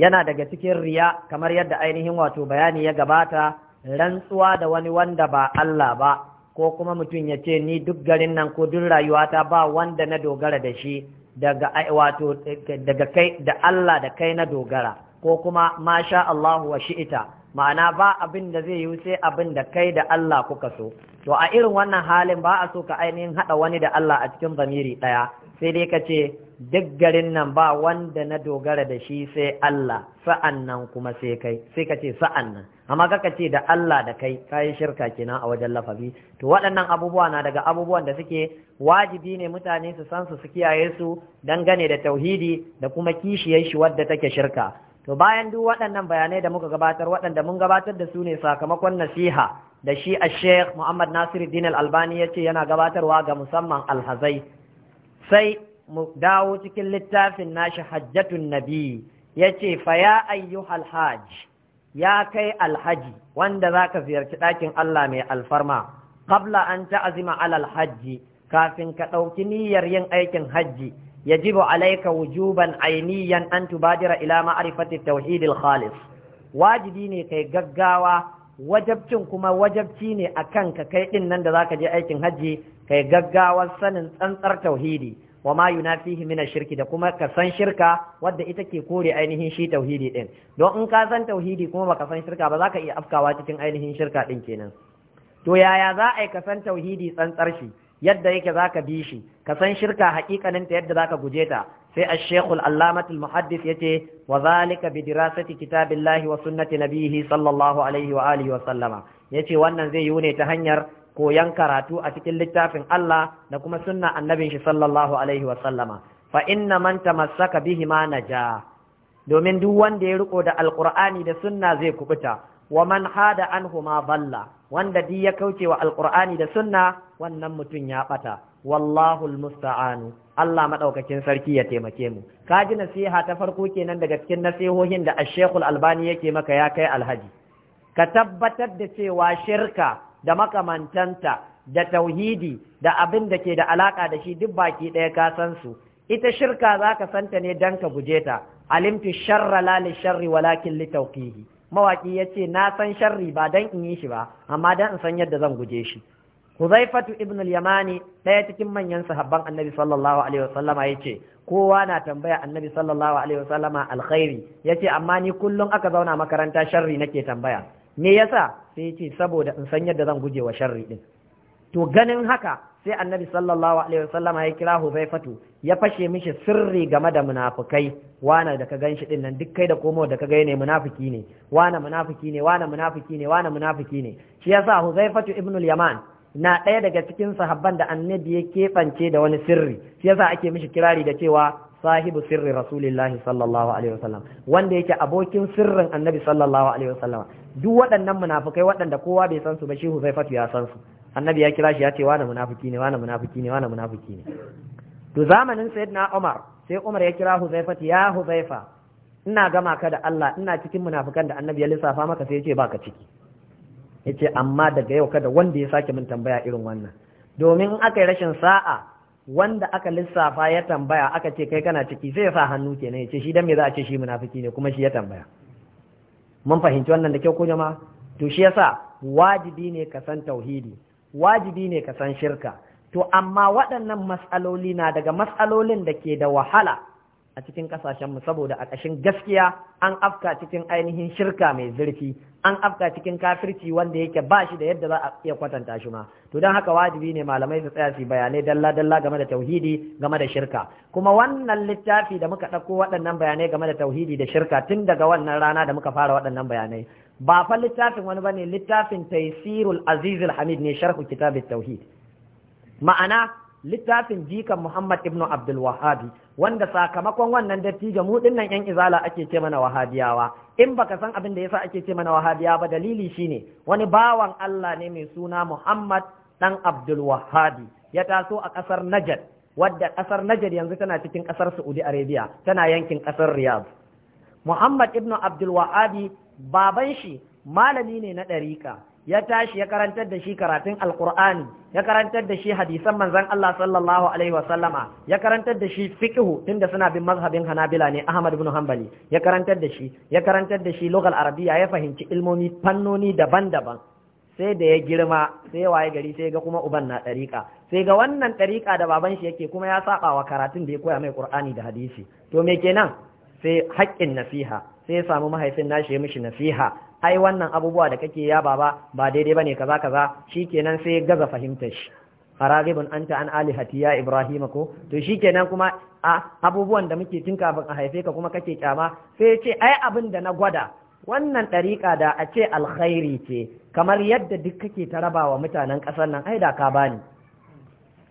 yana daga cikin riya kamar yadda ainihin wato bayani ya gabata rantsuwa da wani wanda ba Allah ba ko kuma mutum ya ce ni duk garin nan ko duk rayuwata ba wanda na dogara da shi daga wato daga kai da Allah da kai na dogara ko kuma masha Allahu wa shi'ita ma'ana ba abin da zai yi sai abin da kai da Allah kuka so to a irin wannan halin ba a so ka ainihin hada wani da Allah a cikin zamiri daya sai dai ka ce duk garin nan ba wanda na dogara da shi sai Allah sa'an kuma sai kai sai ka ce sa'an amma kaka ce da Allah da kai kayi shirka kenan a wajen lafafi? to waɗannan abubuwa na daga abubuwan da suke wajibi ne mutane su san su su kiyaye su dangane da tauhidi da kuma kishiyar shi wadda take shirka to bayan duk waɗannan bayanai da muka gabatar waɗanda mun gabatar da su ne sakamakon nasiha da shi a sheikh muhammad Nasiru al-albani ya ce yana gabatarwa ga musamman alhazai sai mu dawo cikin littafin nashi hajjatun nabi ya ce fa ya ayyuhal hajj ya kai alhaji wanda za ka ziyarci ɗakin Allah mai alfarma qabla an ta'zima alal hajji kafin ka ɗauki niyyar yin aikin hajji yajibu alaika wujuban ainiyan an tubadira ila ma'rifati tauhidil khalis wajibi ne kai gaggawa wajabcin kuma wajabci ne akan ka kai ɗin nan da zaka je aikin hajji kai gaggawar sanin tsantsar tauhidi wa ma yunafihi min shirki da kuma ka san shirka wadda ita ke kore ainihin shi tauhidi din don in ka san tauhidi kuma baka san shirka ba za ka iya afkawa cikin ainihin shirka din kenan to yaya za a yi ka san tauhidi tsantsar shi yadda yake za ka bi shi ka san shirka hakikanin ta yadda za ka guje ta sai a shekul alamatulmuhaddis muhaddis ya ce wa zalika bi dirasati kitabillahi wa sunnati nabihi sallallahu alaihi wa alihi wa sallama ya ce wannan zai yi ne ta hanyar koyan karatu a cikin littafin Allah da kuma sunna annabin shi sallallahu alaihi wa sallama fa inna man tamassaka bihi ma naja domin duk wanda ya riko da alqur'ani da sunna zai kubuta wa man hada anhu ma balla wanda duk ya kauce wa alqur'ani da sunna wannan mutum ya bata wallahu almusta'anu Allah madaukakin sarki ya taimake mu Ka ji nasiha ta farko kenan daga cikin nasihohin da Ash-Sheikh Al-Albani yake maka ya kai Alhaji ka tabbatar da cewa shirka da makamantanta da tauhidi da abin da ke da alaka da shi duk baki ɗaya ka san su ita shirka za ka santa ne dan ka guje ta alimtu sharra la li sharri walakin li tawqihi mawaki yace na san sharri ba dan in yi shi ba amma dan in san yadda zan guje shi Huzaifatu ibn al-Yamani ɗaya cikin manyan sahabban Annabi sallallahu alaihi wasallama yace kowa na tambaya Annabi sallallahu alaihi wasallama alkhairi yace amma ni kullum aka zauna makaranta sharri nake tambaya me yasa sai ya ce saboda in san yadda zan guje wa sharri din to ganin haka sai annabi sallallahu alaihi wasallam ya kira Huzaifatu ya fashe mishi sirri game da munafikai wana da ka ganshi din nan duk kai da komo da ka ga ne munafiki ne wana munafiki ne wana munafiki ne wana munafiki ne shi yasa Huzaifatu ibn al-Yaman na ɗaya daga cikin sahabban da annabi ya keɓance da wani sirri shi yasa ake mishi kirari da cewa sahibu sirri rasulillahi sallallahu alaihi wasallam wanda yake abokin sirrin annabi sallallahu alaihi wasallam duk waɗannan munafikai waɗanda kowa bai san su ba shi Huzaifatu ya san su annabi ya kira shi ya ce wani munafiki ne wani munafiki ne wani munafiki ne to zamanin sayyidina Umar sai Umar ya kira huzaifa ya Huzaifa ina gama ka da Allah ina cikin munafikan da annabi ya lissafa maka sai ya ce baka ciki yace amma daga yau kada wanda ya sake min tambaya irin wannan domin in aka yi rashin sa'a wanda aka lissafa ya tambaya aka ce kai kana ciki sai yasa sa hannu ke ya ce shi dan me za a ce shi munafiki ne kuma shi ya tambaya mun fahimci wannan da kyau ko jama'a to shi yasa wajibi ne ka san tauhidi wajibi ne ka san shirka to amma waɗannan matsaloli na daga matsalolin da ke da wahala a cikin kasashenmu saboda a ƙashin gaskiya an afka cikin ainihin shirka mai zurfi an afka cikin kafirci wanda yake ba shi da yadda za a iya kwatanta shi ma to don haka wajibi ne malamai su tsaya su bayanai dalla dalla game da tauhidi game da shirka kuma wannan littafi da muka ɗauko waɗannan bayanai game da tauhidi da shirka tun daga wannan rana da muka fara waɗannan bayanai ba fa littafin wani bane littafin taisirul azizul hamid ne sharhu kitabit tauhid ma'ana littafin jikan Muhammad ibn Abdul Wahabi wanda sakamakon wannan dattijo mu dinnan yan izala ake ce mana wahabiyawa in baka san abin da yasa ake ce mana wahabiya ba dalili shine wani bawan Allah ne mai suna Muhammad dan Abdul Wahabi ya taso a kasar Najd wadda kasar Najd yanzu tana cikin kasar Saudi Arabia tana yankin kasar Riyadh Muhammad ibn Abdul Wahabi baban shi malami ne na ɗarika ya tashi ya karantar da shi karatun alkur'ani ya karantar da shi hadisan manzon Allah sallallahu alaihi wa sallama ya karantar da shi fiqhu tunda suna bin mazhabin Hanabila ne Ahmad ibn Hanbali ya karantar da shi ya karantar da shi lugal arabiya ya fahimci ilmomi fannoni daban-daban sai da ya girma sai waye gari sai ga kuma uban na ɗariƙa sai ga wannan ɗariƙa da baban shi yake kuma ya saba karatun da ya koya mai Qur'ani da hadisi to me kenan sai haƙƙin nasiha sai ya samu mahaifin nashi ya mishi nasiha ai wannan abubuwa da kake ya baba ba daidai bane kaza kaza shikenan sai gaza fahimtar shi faragibun anta an alihati ya ibrahima ko to shikenan kuma a abubuwan da muke tinka ban a haife ka kuma kake kyama sai ce ai abin da na gwada wannan ɗariƙa da a ce alkhairi ce kamar yadda duk kake ta mutanen ƙasar nan ai da ka bani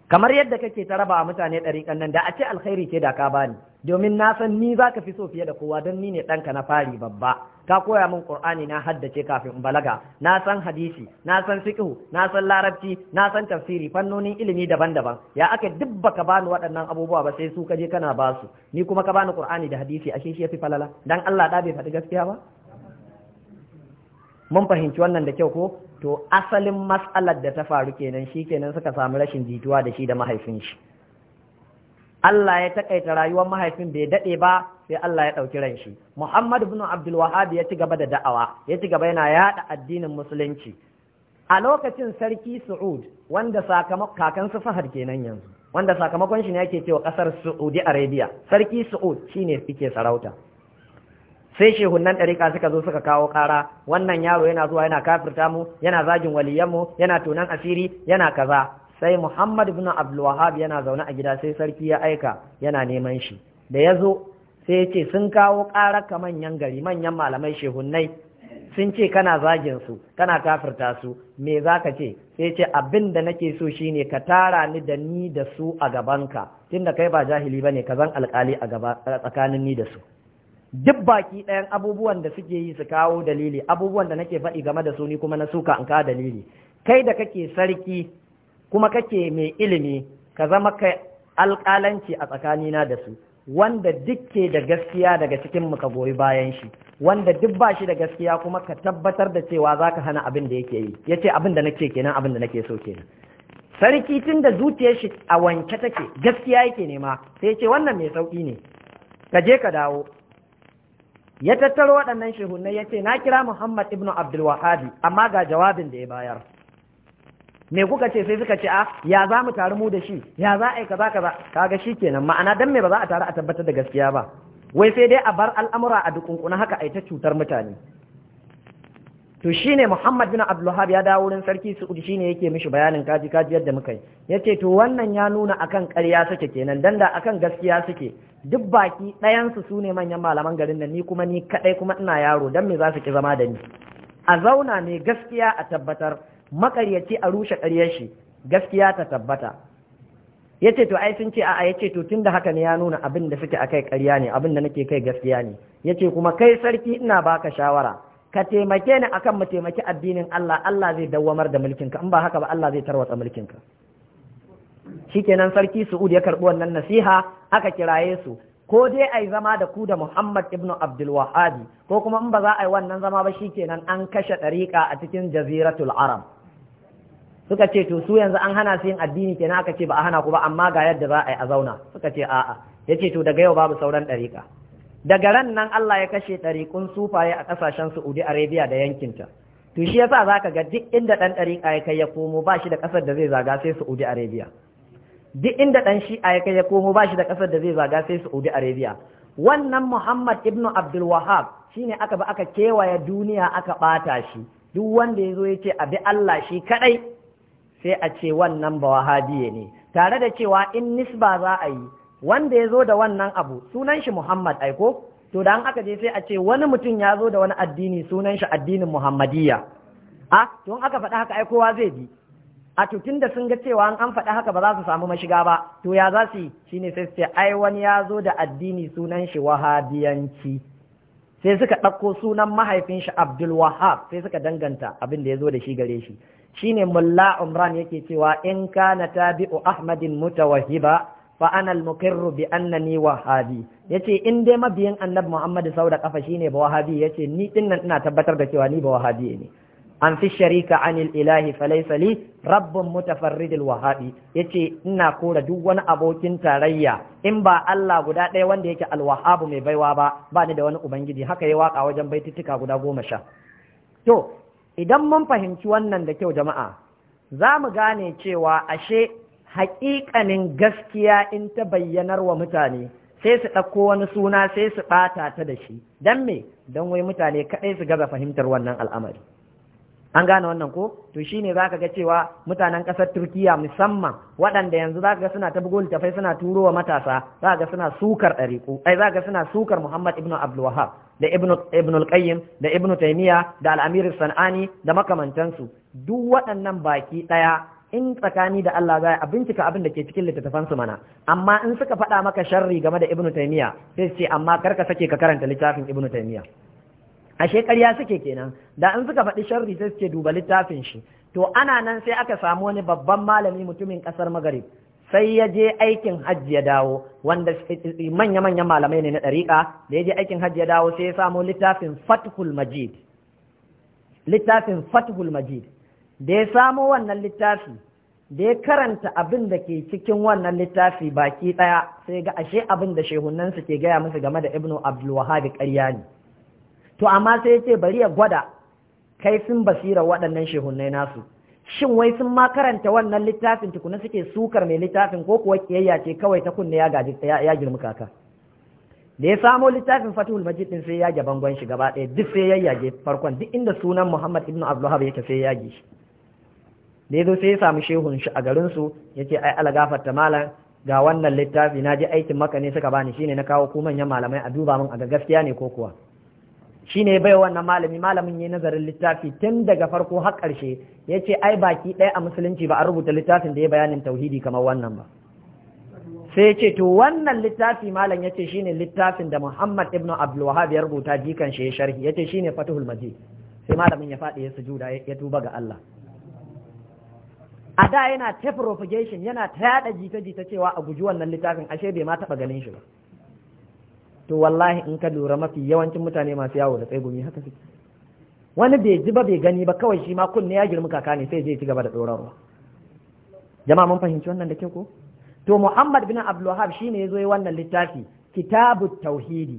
kamar yadda kake ta mutane ɗariƙan nan da a ce alkhairi ce da ka bani domin na san ni zaka fi so fiye da kowa don ni ne ɗanka na fari babba ka koya min qur'ani na haddace kafin in balaga na san hadisi na san fiqhu na san larabci na san tafsiri fannonin ilimi daban-daban ya aka duk baka bani waɗannan abubuwa ba sai su kaje kana ba su ni kuma ka bani qur'ani da hadisi ashe shi yafi falala dan Allah da bai faɗi gaskiya ba mun fahimci wannan da kyau ko to asalin mas'alar da ta faru kenan shi kenan suka samu rashin jituwa da shi da mahaifin shi Allah ya takaita rayuwar mahaifin bai daɗe ba sai Allah ya ɗauki ran shi Muhammad ibn Abdul ya ci gaba da da'awa ya ci gaba yana yaɗa addinin musulunci a lokacin sarki Su'ud, wanda sakamakon kakan su Fahad kenan yanzu wanda sakamakon shi ne yake cewa ƙasar Saudi Arabia sarki Su'ud shi ne suke sarauta sai shehunan ɗariƙa suka zo suka kawo ƙara wannan yaro yana zuwa yana kafirta mu yana zagin waliyanmu yana tonan asiri yana kaza sai Muhammad ibn Abdul yana zaune a gida sai sarki ya aika yana neman shi da ya zo sai ya ce sun kawo ka manyan gari manyan malamai shehunnai sun ce kana zagin su kana kafirta su me zaka ce sai ce abin da nake so shine ka tara ni da ni da su a gaban ka, tunda kai ba jahili bane ka zan alkali a gaba tsakanin ni da su duk baki ɗayan abubuwan da suke yi su kawo dalili abubuwan da nake faɗi game da su ni kuma na suka an kawo dalili kai da kake sarki kuma kake mai ilimi ka zama ka alƙalanci a tsakanina da su wanda dukke da gaskiya daga cikin mu ka goyi bayan shi wanda duk ba shi da gaskiya kuma ka tabbatar da cewa za ka hana abin da yake yi ya ce abin da nake kenan abin da nake so kenan sarki tun da zuciyar shi a wanke take gaskiya yake nema sai ce wannan mai sauƙi ne ka je ka dawo ya tattaro waɗannan shehunai ya ce na kira muhammad ibnu abdulwahabi amma ga jawabin da ya bayar me kuka ce sai suka ce a ah, ya za mu taru mu da shi ya za a yi kaza kaza kaga shi kenan ma'ana dan me ba za a taru a tabbatar da gaskiya ba wai sai dai a bar al'amura a dukunkuna haka a ta cutar mutane to shine Muhammad bin Abdulwahab ya dawo wurin sarki Saudi shine yake mishi bayanin kaji kaji yadda muka yi yace to wannan ya nuna akan ƙarya suke kenan dan da akan gaskiya suke duk baki ɗayan su sune manyan malaman garin nan ni kuma ni kadai kuma ina yaro dan me za su ki zama da ni a zauna mai gaskiya a tabbatar makaryaci a rushe ƙaryar shi gaskiya ta tabbata ya ce to ai sun ce a'a ya ce to tun da haka ne ya nuna abin da suke a kai ƙarya ne abin da nake kai gaskiya ne ya ce kuma kai sarki ina baka shawara ka taimake ni akan mu taimaki addinin Allah Allah zai dawwamar da mulkinka in ba haka ba Allah zai tarwatsa mulkinka shikenan sarki Su'ud ya karɓi wannan nasiha aka kiraye su ko dai ai zama da ku da Muhammad ibn Abdul Wahhab ko kuma in ba za a yi wannan zama ba shikenan an kashe ɗarika a cikin jaziratul Arab suka ce to su yanzu an hana su yin addini kenan aka ce ba a hana ku ba amma ga yadda za a yi a zauna suka ce a'a yace to daga yau babu sauran ɗariƙa daga ran nan Allah ya kashe ɗariƙun sufaye a ƙasashen Saudi Arabia da yankinta to shi yasa zaka ga duk inda ɗan ɗariƙa ya kai ya komo ba shi da ƙasar da zai zaga sai Saudi Arabia duk inda ɗan shi'a ya kai ya komo ba shi da ƙasar da zai zaga sai Saudi Arabia wannan Muhammad ibn Abdul Wahhab shine aka ba aka kewaye duniya aka ɓata shi duk wanda ya zo ya ce abi Allah shi kaɗai sai a ce wannan ba wahabiye ne tare da cewa in nisba za a yi wanda ya zo da wannan abu sunan shi Muhammad aiko to da an aka je sai a ce wani mutum ya zo da wani addini sunan shi addinin Muhammadiyya ah, a to aka faɗi haka ai zai bi a to tunda sun ga cewa an an faɗi haka ba za su samu mashiga ba to ya za su yi shine sai su ce ai wani ya zo da addini sunan shi wahabiyanci sai suka ɗauko sunan mahaifin shi Abdul Wahab sai suka danganta abin da ya zo da shi gare shi shine Mulla Umran yake cewa in kana tabi'u Ahmadin mutawahhiba fa ana al bi annani wahabi yace in dai mabiyin Annabi Muhammad sau da kafa shine ba wahabi yace ni dinnan ina tabbatar da cewa ni ba wahabi ne an fi sharika anil ilahi falaisali li rabbun mutafarridil wahabi yace ina kora duk wani abokin tarayya in ba Allah guda ɗaya wanda yake alwahabu mai baiwa ba ba ni da wani ubangiji haka ya waka wajen baitittika guda goma sha to idan mun fahimci wannan da kyau jama'a za mu gane cewa ashe haƙiƙanin gaskiya in ta bayyanar wa mutane sai su ɗauko wani suna sai su ɓata ta da shi don me don wai mutane kaɗai su gaza fahimtar wannan al'amari an gane wannan ko to shine zaka ga cewa mutanen kasar Turkiya musamman waɗanda yanzu zaka ga suna ta ta fai suna turo wa matasa zaka ga suna sukar ɗariƙu ai zaka ga suna sukar Muhammad ibn Abdul Wahhab da ibn ibn al-Qayyim da ibn Taymiya da al-Amir sanani da makamantansu duk waɗannan baki ɗaya in tsakani da Allah za a bincika abin da ke cikin littattafansu mana amma in suka faɗa maka sharri game da Ibn Taymiya sai ce amma karka sake ka karanta littafin Ibn Taymiya ashe ƙarya suke kenan da in suka faɗi sharri sai suke duba littafin shi to ana nan sai aka samu wani babban malami mutumin ƙasar magarib sai ya je aikin hajji ya dawo wanda manya-manyan malamai ne na ɗariƙa da ya je aikin hajji ya dawo sai ya samo littafin fathul majid littafin fathul majid da ya samo wannan littafi da ya karanta abin da ke cikin wannan littafi baki ɗaya sai ga ashe abin da shehunansu ke gaya musu game da ibnu abdulwahabi ƙarya ne to amma sai ya ce bari ya gwada kai sun basira waɗannan shehunai nasu shin wai sun ma karanta wannan littafin tukuna suke sukar mai littafin ko kuwa kiyayya ce kawai ta kunne ya gaji ya kaka da ya samo littafin fatihul majid din sai ya ga bangon shi gaba ɗaya duk sai ya farkon duk inda sunan muhammad ibn Abdullahi yake sai ya yage shi da ya sai ya samu shehun shi a garin su yace ai ala ta malam ga wannan littafi na je aikin maka ne suka bani shine na kawo kuma manyan malamai a duba min a ga gaskiya ne ko kuwa shine bai wannan malami malamin yayi nazarin littafi tun daga farko har ƙarshe yace ai baki ɗaya a musulunci ba a rubuta littafin da ya bayanin tauhidi kamar wannan ba sai yace to wannan littafi malam yace shine littafin da Muhammad ibn Abdul Wahhab ya rubuta jikan shi sharhi yace shine Fathul Majid sai malamin ya faɗi ya sujuda ya tuba ga Allah a da yana ta propagation yana ta yada jita-jita cewa a guji wannan littafin ashe bai ma taɓa ganin shi ba to wallahi in ka lura mafi yawancin mutane masu yawo da tsegumi haka suke wani bai ji ba bai gani ba kawai shi ma kunne ya girma kaka ne sai zai ci gaba da tsorarwa jama'a mun fahimci wannan da ke ko to muhammad bin abdulwahab shine zo yi wannan littafi kitabu tauhidi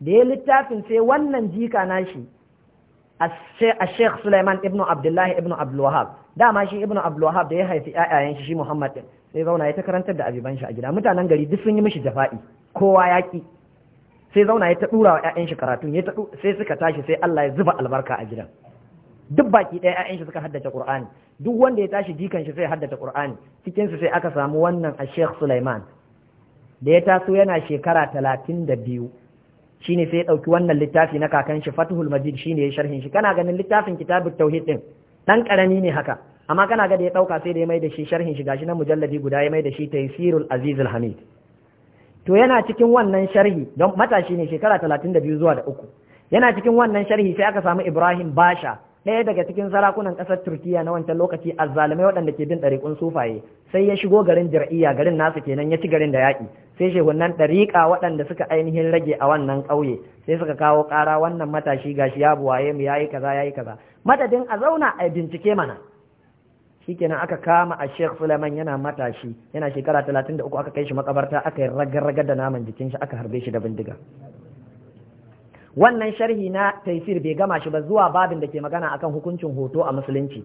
da ya littafin sai wannan jika na shi a sheikh suleiman ibnu abdullahi ibnu abdulwahab dama shi ibnu abdulwahab da ya haifi ƴaƴayen shi shi muhammad din sai zauna ya ta karantar da abiban shi a gida mutanen gari duk sun yi mishi jafa'i kowa ya ki sai zauna ya ta dura wa ƴaƴan shi karatun sai suka tashi sai Allah ya zuba albarka a gidan duk baki ɗaya 'ya'yan shi suka haddace Qur'ani duk wanda ya tashi jikan shi sai haddace Qur'ani cikinsu sai aka samu wannan a Sheikh Sulaiman da ya taso yana shekara talatin da biyu shine sai ya ɗauki wannan littafi na kakan shi Fathul Majid shine ya sharhin shi kana ganin littafin kitabut tauhid din dan karami ne haka amma kana ga da ya dauka sai da ya mai da shi sharhin shi gashi na mujalladi guda ya mai da shi taysirul azizul hamid to yana cikin wannan sharhi don matashi ne shekara talatin da biyu zuwa da uku yana cikin wannan sharhi sai aka samu ibrahim basha ɗaya daga cikin sarakunan ƙasar turkiya na wancan lokaci azzalumai waɗanda ke bin ɗariƙun sufaye sai ya shigo garin jir'iyya garin nasu kenan ya ci garin da yaƙi sai shehunan ɗariƙa waɗanda suka ainihin rage a wannan ƙauye sai suka kawo ƙara wannan matashi gashi ya buwaye mu yayi kaza yayi kaza madadin a zauna a bincike mana shikenan aka kama a Sheikh Sulaiman yana matashi yana shekara 33 aka kai shi makabarta aka yi ragar da naman jikin shi aka harbe shi da bindiga wannan sharhi na taifir bai gama shi ba zuwa babin da ke magana akan hukuncin hoto a musulunci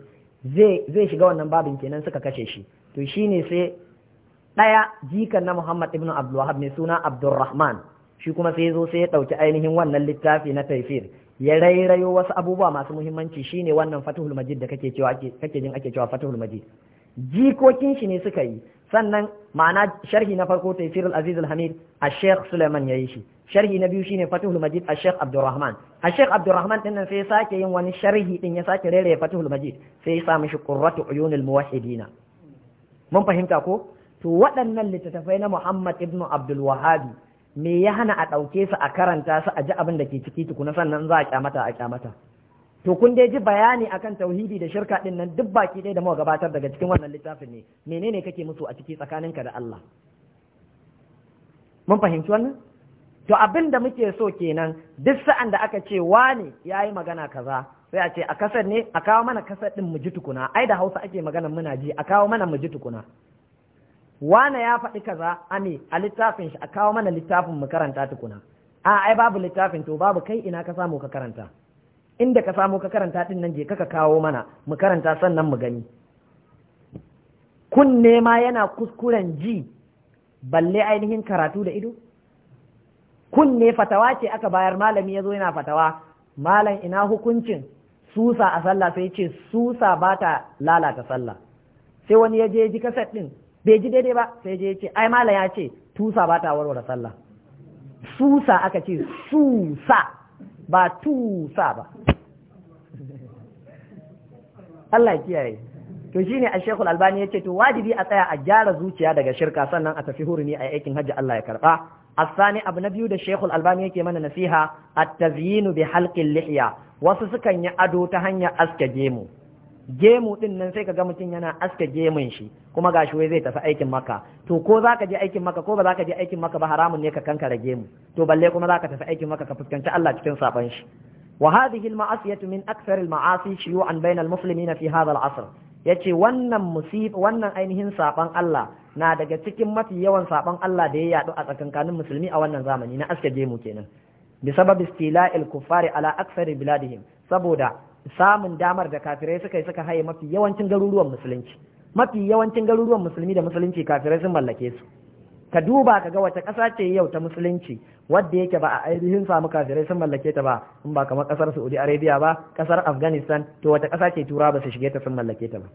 zai shiga wannan babin kenan suka kashe shi to shine sai ɗaya jikan na Muhammad ibn Abdul Wahab mai suna Abdulrahman shi kuma sai zo sai ya ɗauki ainihin wannan littafi na taifir ya rairayo wasu abubuwa masu muhimmanci shine wannan fatihul majid da kake cewa kake jin ake cewa fatihul majid jikokin shi ne suka yi sannan ma'ana sharhi na farko tafsirul aziz al-hamid a sheikh suleiman yi shi sharhi na biyu shine fatihul majid a sheikh abdurrahman a sheikh abdurrahman din nan sai ya sake yin wani sharhi din ya sake rere fatihul majid sai ya sa mishi qurratu uyunil muwahhidina mun fahimta ko to waɗannan littattafai na muhammad ibn abdul me ya hana a ɗauke su a karanta su a ji abin da ke ciki tukuna sannan za a kyamata a kyamata to kun dai ji bayani akan tauhidi da shirka din nan duk baki ɗaya da muka gabatar daga cikin wannan littafin ne menene kake musu a ciki tsakaninka da Allah mun fahimci wannan to abin da muke so kenan duk sa'an da aka ce ya yi magana kaza sai a ce a kasar ne a kawo mana kasar din mu ji tukuna ai da Hausa ake magana muna ji a kawo mana mu ji tukuna wane ya faɗi kaza ame a littafin shi a kawo mana littafin mu karanta tukuna a ai babu littafin to babu kai ina ka samu ka karanta inda ka samu ka karanta din nan je ka kawo mana mu karanta sannan mu gani kunne ma yana kuskuren ji balle ainihin karatu da ido kunne fatawa ce aka bayar malami ya zo yana fatawa malam ina hukuncin susa a sallah sai ce susa bata lalata sallah sai wani ya je ji kaset din bai ji daidai ba sai je ce ai malam ya ce tusa ba ta warware sallah susa aka ce susa ba tusa ba Allah kiyaye to shine a Sheikhul Albani ce to wajibi a tsaya a gyara zuciya daga shirka sannan a tafi hurumi a aikin hajji Allah ya karba asani abu na biyu da Sheikhul Albani yake mana nasiha at-tazyinu bi halqil lihya wasu sukan yi ado ta hanyar aske gemu gemu din nan sai ka ga mutum yana aska gemun shi kuma gashi wai zai tafi aikin maka to ko za ka je aikin maka ko ba za ka je aikin maka ba haramun ne ka kankara gemu to balle kuma za ka tafi aikin maka ka fuskanci Allah cikin saban shi wa hadhihi al-ma'asiyah min akthar al-ma'asi shuyu'an bayna al-muslimina fi hadha al-asr yace wannan musib wannan ainihin saban Allah na daga cikin mafi yawan saban Allah da ya yadu a tsakankanin musulmi a wannan zamani na aska gemu kenan bi sabab istila'il kuffari ala akthar biladihim saboda samun damar da kafirai suka yi suka haye mafi yawancin garuruwan musulunci mafi yawancin garuruwan musulmi da musulunci kafirai sun mallake su ka duba ka ga wata ƙasa ce yau ta musulunci wadda yake ba a ainihin samu kafirai sun mallake ta ba in ba kamar ƙasar saudi arabia ba ƙasar afghanistan to wata ƙasa ce tura ba su shige ta sun mallake ta ba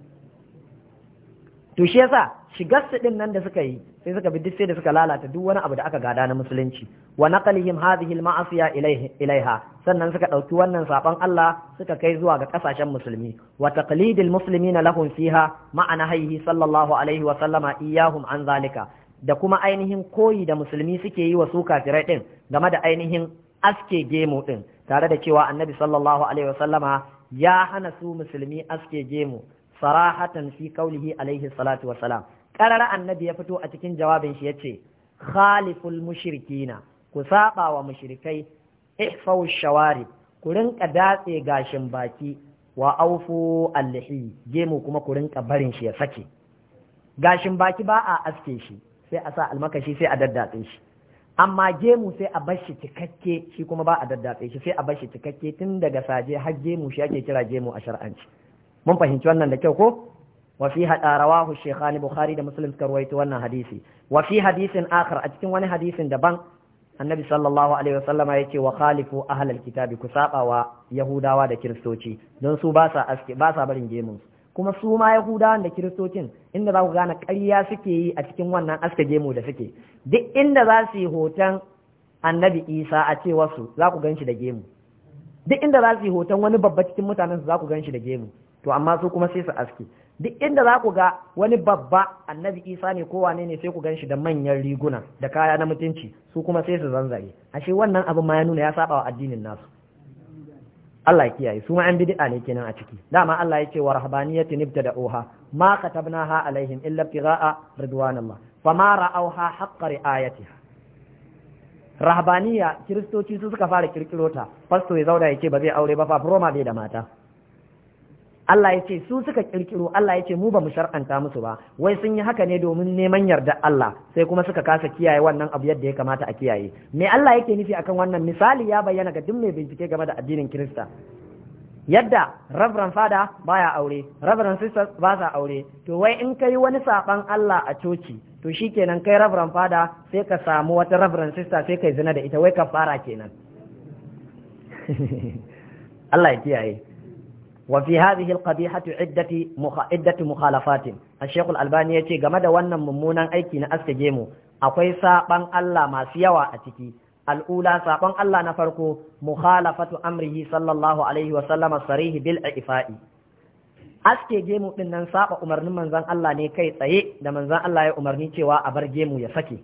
to shi yasa shigar su din nan da suka yi sai suka bi duk sai da suka lalata duk wani abu da aka gada na musulunci wa naqalihim hadhihi al-ma'asiya ilaiha sannan suka dauki wannan sabon Allah suka kai zuwa ga kasashen musulmi wa taqlidil muslimina lahum fiha ma'ana hayhi sallallahu alaihi wa sallama iyahum an zalika da kuma ainihin koyi da musulmi suke yi wa su kafirai din game da ainihin aske gemu din tare da cewa annabi sallallahu alaihi wa sallama ya hana su musulmi aske gemu sarahatan fi qaulihi alaihi salatu wa salam ƙarar annabi ya fito a cikin jawabin shi ya ce khaliful mushrikina ku saɓa wa mushrikai Ifau shawari ku rinka datse gashin baki wa aufu allahi gemu kuma ku rinka barin shi ya sake gashin baki ba a aske shi sai a sa almakashi sai a daddatse shi amma gemu sai a bar shi cikakke shi kuma ba a daddatse shi sai a bar shi cikakke tun daga saje har gemu shi ake kira gemu a shar'anci mun fahimci wannan da kyau ko وفي رواه الشيخان البخاري ده مسلم كرويت وانا حديثي وفي حديث آخر أتكن وانا حديث دبان النبي صلى الله عليه وسلم يتي وخالفوا أهل الكتاب كساقا ويهودا ودا كريستوتي دون سو باسا أسكي باسا برين جيمونس kuma su ma Yahudawan da Kiristocin inda za ku gane ƙarya suke yi a cikin wannan aska gemu da suke duk inda za su yi hoton annabi Isa a ce za ku gan da gemu duk inda za su yi hoton wani babba cikin mutanensu su za ku gan shi da gemu to amma su kuma sai su aski. duk inda za ku ga wani babba annabi isa ne ko wane ne sai ku gan shi da manyan riguna da kaya na mutunci su kuma sai su zanzare ashe wannan abin ma ya nuna ya saba wa addinin nasu Allah ya kiyaye su ma an bid'a ne kenan a ciki dama Allah ya ce wa da Oha, ma katabnaha alaihim illa ibtigha'a ridwanillah ma ra'awha haqqa ri'ayatiha rahbaniya kiristoci su suka fara kirkiro ta fasto ya zauna ya ce ba zai aure ba fa roma bai da mata Allah ya ce su suka kirkiro Allah ya ce mu ba mu shar'anta musu ba wai sun yi haka ne domin neman yarda Allah sai kuma suka kasa kiyaye wannan abu yadda ya kamata a kiyaye me Allah yake nufi akan wannan misali ya bayyana ga duk mai bincike game da addinin Kirista yadda Reverend Fada baya aure Reverend Sister ba sa aure to wai in kai wani saban Allah a coci to shikenan kai Reverend Fada sai ka samu wata Reverend Sister sai kai zina da ita wai ka fara kenan Allah ya kiyaye وفي هذه القبيحة عدة مخ... عدة مخالفات الشيخ الألباني يتي game da wannan mummunan aiki na aske gemu akwai saban Allah masu yawa a ciki al'ula saban Allah na farko mukhalafatu amrihi sallallahu alaihi wa sallama sarih bil ifa'i aske gemu din saɓa saba umarnin manzon Allah ne kai tsaye da manzon Allah ya umarni cewa a bar gemu ya sake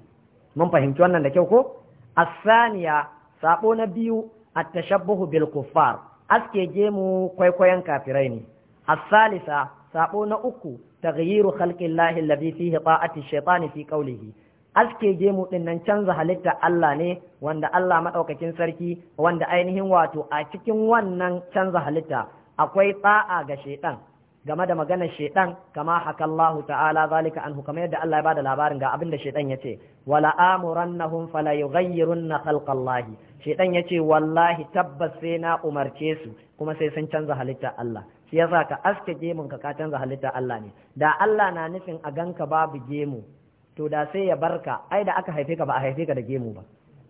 mun fahimci wannan da kyau ko asaniya sabo na biyu a tashabbuhu bil kuffar aske gemu kwaikwayon kafirai ne A Salisa, sabo na uku taghyiru khalqillahi fi fihi ta'ati shaytani fi qawlihi aske gemu din nan canza halitta Allah ne wanda Allah madaukakin sarki wanda ainihin wato a cikin wannan canza halitta akwai ta'a ga shaiɗan. game da maganar shaidan kama Allah ta'ala zalika anhu kamar yadda Allah ya bada labarin ga abin da shaidan yace wala amurannahum fala yughayyirunna khalqallahi shaidan yace wallahi tabbas sai na umarce su kuma sai sun canza halitta Allah shi yasa ka aske gemun ka ka canza halitta Allah ne da Allah na nufin a ganka babu gemu to da sai ya barka ai da aka haife ka ba a haife ka da gemu ba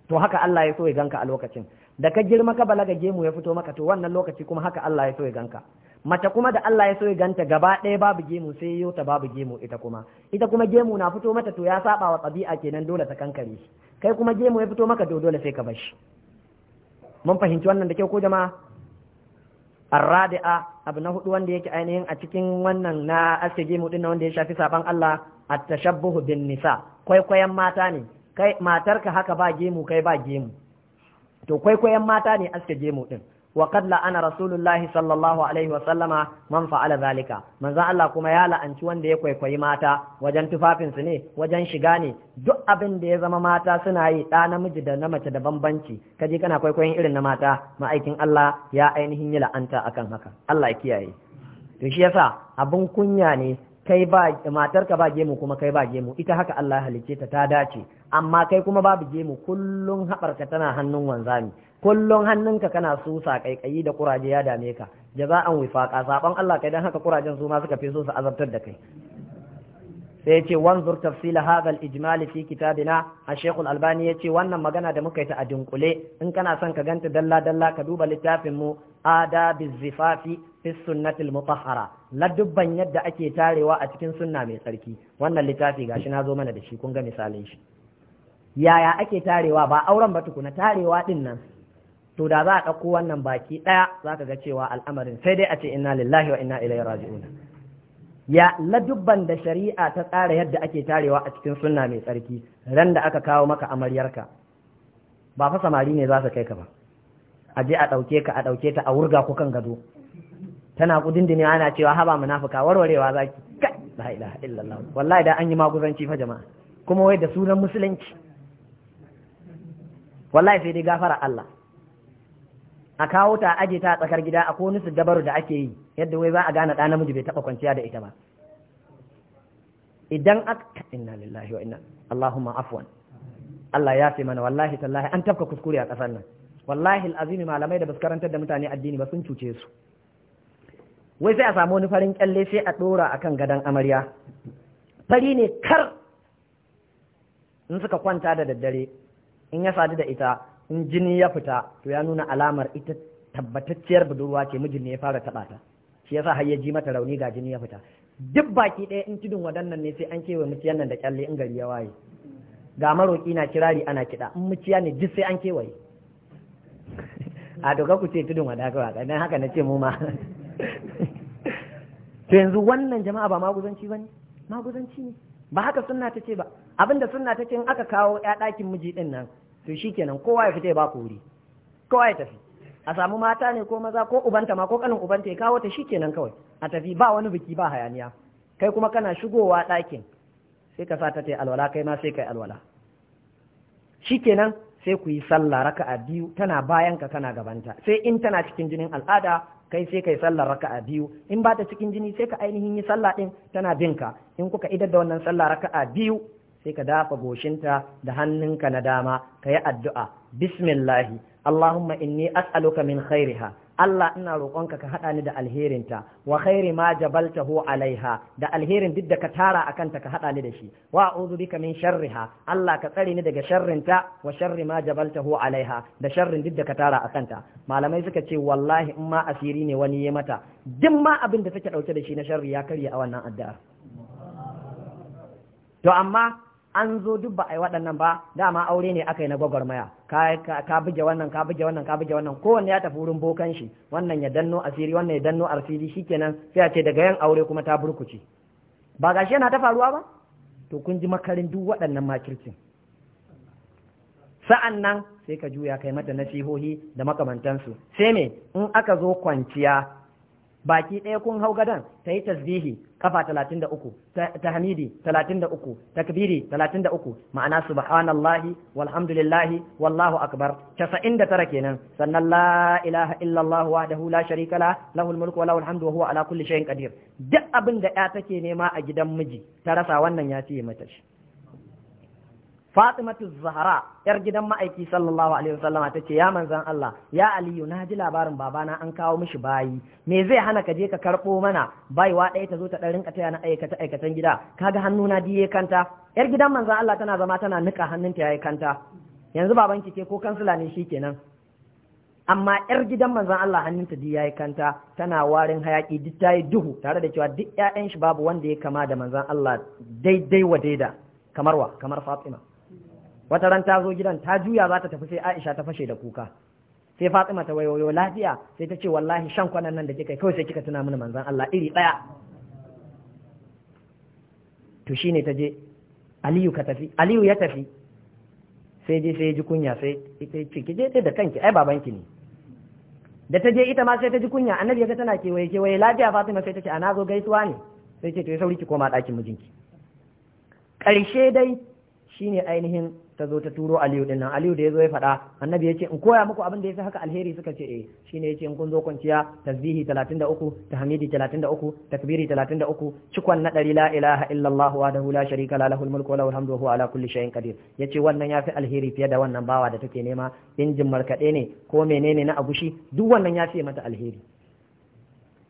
to haka Allah ya so ya ganka a lokacin da ka girma ka balaga gemu ya fito maka to wannan lokaci kuma haka Allah ya so ya ganka mace kuma da Allah ya so ya ganta gaba ɗaya babu gemu sai yau ta babu gemu ita kuma ita kuma gemu na fito mata to ya saba wa tsabi'a kenan dole ta kankare shi kai kuma gemu ya fito maka to dole sai ka bar shi mun fahimci wannan da kyau ko jama'a arradi'a abu na hudu wanda yake ainihin a cikin wannan na aske gemu din wanda ya shafi saban Allah at-tashabbuhu bin nisa kwaikwayon mata ne kai matarka haka ba gemu kai ba gemu to kwaikwayon mata ne aske gemu din wa qad la'ana rasulullahi sallallahu alaihi wa sallama man fa'ala zalika manzo Allah kuma ya la'anci wanda ya kwaikwayi mata wajen tufafin su ne wajen shiga ne duk abin da ya zama mata suna yi da namiji da na mace da bambanci kaje kana kwaikwayin irin na mata ma'aikin Allah ya ainihin yi la'anta akan haka Allah ya kiyaye to shi yasa abun kunya ne kai ba matarka ba gemu kuma kai ba gemu ita haka Allah halice ta ta dace amma kai kuma babu gemu kullun haɓarka tana hannun wanzami kullum hannunka kana susa kaikayi da kuraje ya dame ka jaza'an wifaqa saban Allah kai dan haka kurajen su ma suka fi so su azabtar da kai sai yace wanzur tafsila hadha al-ijmal fi kitabina al-shaykh al-albani yace wannan magana da muka yi ta a dunkule in kana son ka ganta dalla dalla ka duba littafin mu adabiz zifafi fi sunnati al-mutahhara ladubban yadda ake tarewa a cikin sunna mai tsarki wannan littafi gashi na zo mana da shi kun ga misalin shi yaya ake tarewa ba auren ba tukuna tarewa din nan to da za a ɗauko wannan baki ɗaya za ka ga cewa al'amarin sai dai a ce inna lillahi wa inna ilaihi raji'un ya ladubban da shari'a ta tsara yadda ake tarewa a cikin sunna mai tsarki ran da aka kawo maka amaryarka ba fa samari ne za su kai ka ba a je a ɗauke ka a ɗauke ta a wurga ko kan gado tana kudindini ana cewa haba munafuka warwarewa zaki kai la ilaha illallah wallahi da an yi maguzanci fa jama'a kuma wai da sunan musulunci wallahi sai dai gafara Allah a kawo ta aje ta a tsakar gida a wani su dabaru da ake yi yadda wai za a gane ɗa namiji bai taɓa kwanciya da ita ba idan aka inna lillahi wa inna allahumma afwan Allah ya fi mana wallahi tallahi an tafka kuskure a ƙasar nan wallahi alazimi malamai da basu karantar da mutane addini ba sun cuce su wai sai a samu wani farin kyalle sai a ɗora akan gadon amarya fari ne kar in suka kwanta da daddare in ya sadu da ita in jini ya fita to ya nuna alamar ita tabbatacciyar budurwa ce mijin ne ya fara taba ta shi yasa har ya ji mata rauni ga jini ya fita duk baki ɗaya in tudun waɗannan ne sai an kewa miciyan nan da kyalle in gari ya waye ga maroƙi na kirari ana kiɗa in muciya ne duk sai an kewaye a doka ku ce tudun wada kawai dan haka na ce mu ma to yanzu wannan jama'a ba maguzanci bane maguzanci ne ba haka sunna ta ce ba abinda sunna ta ce in aka kawo ya ɗakin miji ɗin nan to shikenan kowa ya fita ya ba ku wuri kowa ya tafi a samu mata ne ko maza ko ubanta ma ko kanin ubanta ya kawo ta shikenan kawai a tafi ba wani biki ba hayaniya kai kuma kana shigowa ɗakin sai ka sa ta ta alwala kai ma sai kai alwala shikenan sai ku yi sallah raka'a biyu tana bayan ka kana gabanta sai in tana cikin jinin al'ada kai sai kai sallar raka'a biyu in ba ta cikin jini sai ka ainihin yi sallah din tana bin ka in kuka idar da wannan sallah raka'a biyu sai ka dafa goshinta da hannunka na dama ka yi addu'a bismillahi allahumma inni as'aluka min khairiha Allah ina roƙonka ka haɗa ni da alherinta wa khairi ma jabaltahu alaiha da alherin duk da ka tara a kanta ka haɗa ni da shi wa a'udhu bika min sharriha Allah ka tsare ni daga sharrinta wa sharri ma jabaltahu alaiha da sharrin duk da ka tara a kanta malamai suka ce wallahi in ma asiri ne wani ya mata duk ma abin da take ɗauke da shi na sharri ya karya a wannan addu'ar to amma an zo duk ba a yi waɗannan ba dama aure ne aka yi na gwagwarmaya ka buge wannan ka buge wannan ka buge wannan kowanne ya tafi wurin bokan shi wannan ya danno asiri wannan ya danno asiri shikenan sai a ce daga yan aure kuma ta burkuce ba gashi yana ta faruwa ba to kun ji makarin duk waɗannan makircin sa'an nan sai ka juya kai mata nasihohi da makamantansu sai me in aka zo kwanciya baki ɗaya kun hau gadon ta yi tasbihi kafa talatin da uku, takbiri uku, ma'ana subhanallahi walhamdulillahi wallahu akbar tara kenan sannan la ilaha illallah wahdahu la sharika la lahul mulku wa lahul hamdu wa huwa ala kulli shay'in qadir duk abin da ya take nema a gidan miji ta rasa wannan ya fiye mata shi Fatimatu Zahra yar gidan ma'aiki sallallahu alaihi wasallam ta ce ya Manzan Allah ya Aliyu na ji labarin babana an kawo mishi bayi me zai hana ka je ka karbo mana baiwa ɗaya ta zo ta ɗarin taya na aikata aikatan gida kaga hannuna diye kanta yar gidan Manzan Allah tana zama tana nika hannunta yayi kanta yanzu baban ke ko kansila ne shi kenan amma yar gidan Manzan Allah hannunta di yayi kanta tana warin hayaki duk tayi duhu tare da cewa duk ƴaƴan shi babu wanda ya kama da Manzan Allah daidai wa daida kamar kamar Fatima wata ran ta zo gidan ta juya za ta tafi sai Aisha ta fashe da kuka sai Fatima ta wayoyo lafiya sai ta ce wallahi shan kwanan nan da kika kai sai kika tuna mini manzon Allah iri daya to shine ta je Aliyu ka tafi Aliyu ya tafi sai je sai ji kunya sai ita ce ki je da kanki ai babanki ne da ta je ita ma sai ta ji kunya annabi ya ga tana kewaye kewaye lafiya Fatima sai ta ce ana zo gaisuwa ne sai ce to ya sauri ki koma ɗakin mijinki ƙarshe dai shine ainihin ta zo ta turo aliyu din nan aliyu da ya zo ya faɗa annabi ya ce in koya muku abin da ya fi haka alheri suka ce eh shine ya ce in kun zo kwanciya tasbihi 33 tahmidi 33 takbiri 33 cikon na ɗari la ilaha illallah wahdahu la sharika la lahul mulku wa lahul hamdu wa huwa ala kulli shay'in qadir yace wannan ya fi alheri fiye da wannan bawa da take nema injin markaɗe ne ko menene na agushi duk wannan ya fiye mata alheri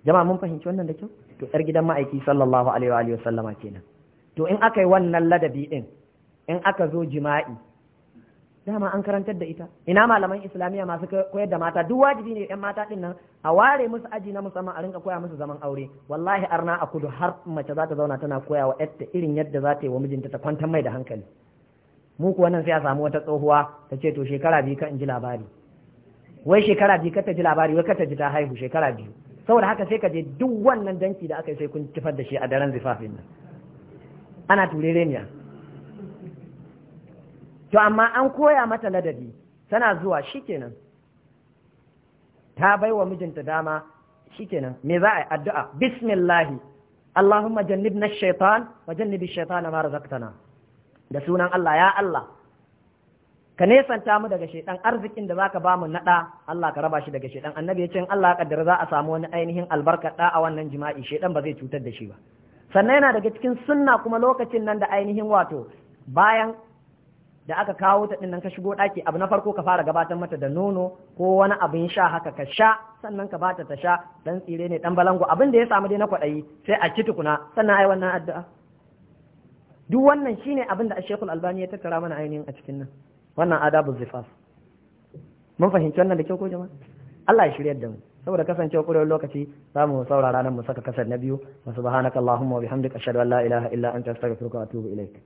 jama'a mun fahimci wannan da kyau to yar gidan ma'aiki sallallahu alaihi wa alihi wasallama kenan to in aka yi wannan ladabi din in aka zo jima'i dama an karantar da ita ina malaman islamiyya masu koyar da mata duk wajibi ne yan mata din nan a ware musu aji na musamman a rinka koya musu zaman aure wallahi arna a kudu har mace za ta zauna tana koya wa yadda irin yadda za ta yi wa mijinta ta kwantar mai da hankali mu kuwa nan sai a samu wata tsohuwa ta ce to shekara biyu ka in ji labari wai shekara biyu ka ta ji labari wai ka ta ji ta haihu shekara biyu saboda haka sai ka je duk wannan danki da aka yi sai kun cifar da shi a daren zifafin nan ana turereniya to amma an koya mata ladabi tana zuwa shikenan ta baiwa mijinta dama shikenan me za a yi addu'a bismillahi Allahumma jannibna shaitan wa jannibi shaitana ma razaqtana da sunan Allah ya Allah ka nesanta mu daga shaidan arzikin da zaka ba mu nada Allah ka raba shi daga shaidan annabi ya ce in Allah kaddara za a samu wani ainihin albarka da a wannan jima'i shaidan ba zai cutar da shi ba sannan yana daga cikin sunna kuma lokacin nan da ainihin wato bayan da aka kawo ta ɗin ka shigo ɗaki abu na farko ka fara gabatar mata da nono ko wani abin sha haka ka sha sannan ka bata ta sha dan tsire ne dan balango abin da ya samu dai na kwaɗayi sai a ci tukuna sannan ai wannan addu'a duk wannan shine abin da Sheikhul Albani ya tattara mana ainihin a cikin nan wannan adabu zifaf mun fahimci wannan da kyau ko jama'a Allah ya shiryar da mu saboda kasancewa kurewar lokaci za mu saurara nan mu saka kasar na biyu wa subhanakallahumma wa bihamdika ashhadu an la ilaha illa anta astaghfiruka wa atubu ilaik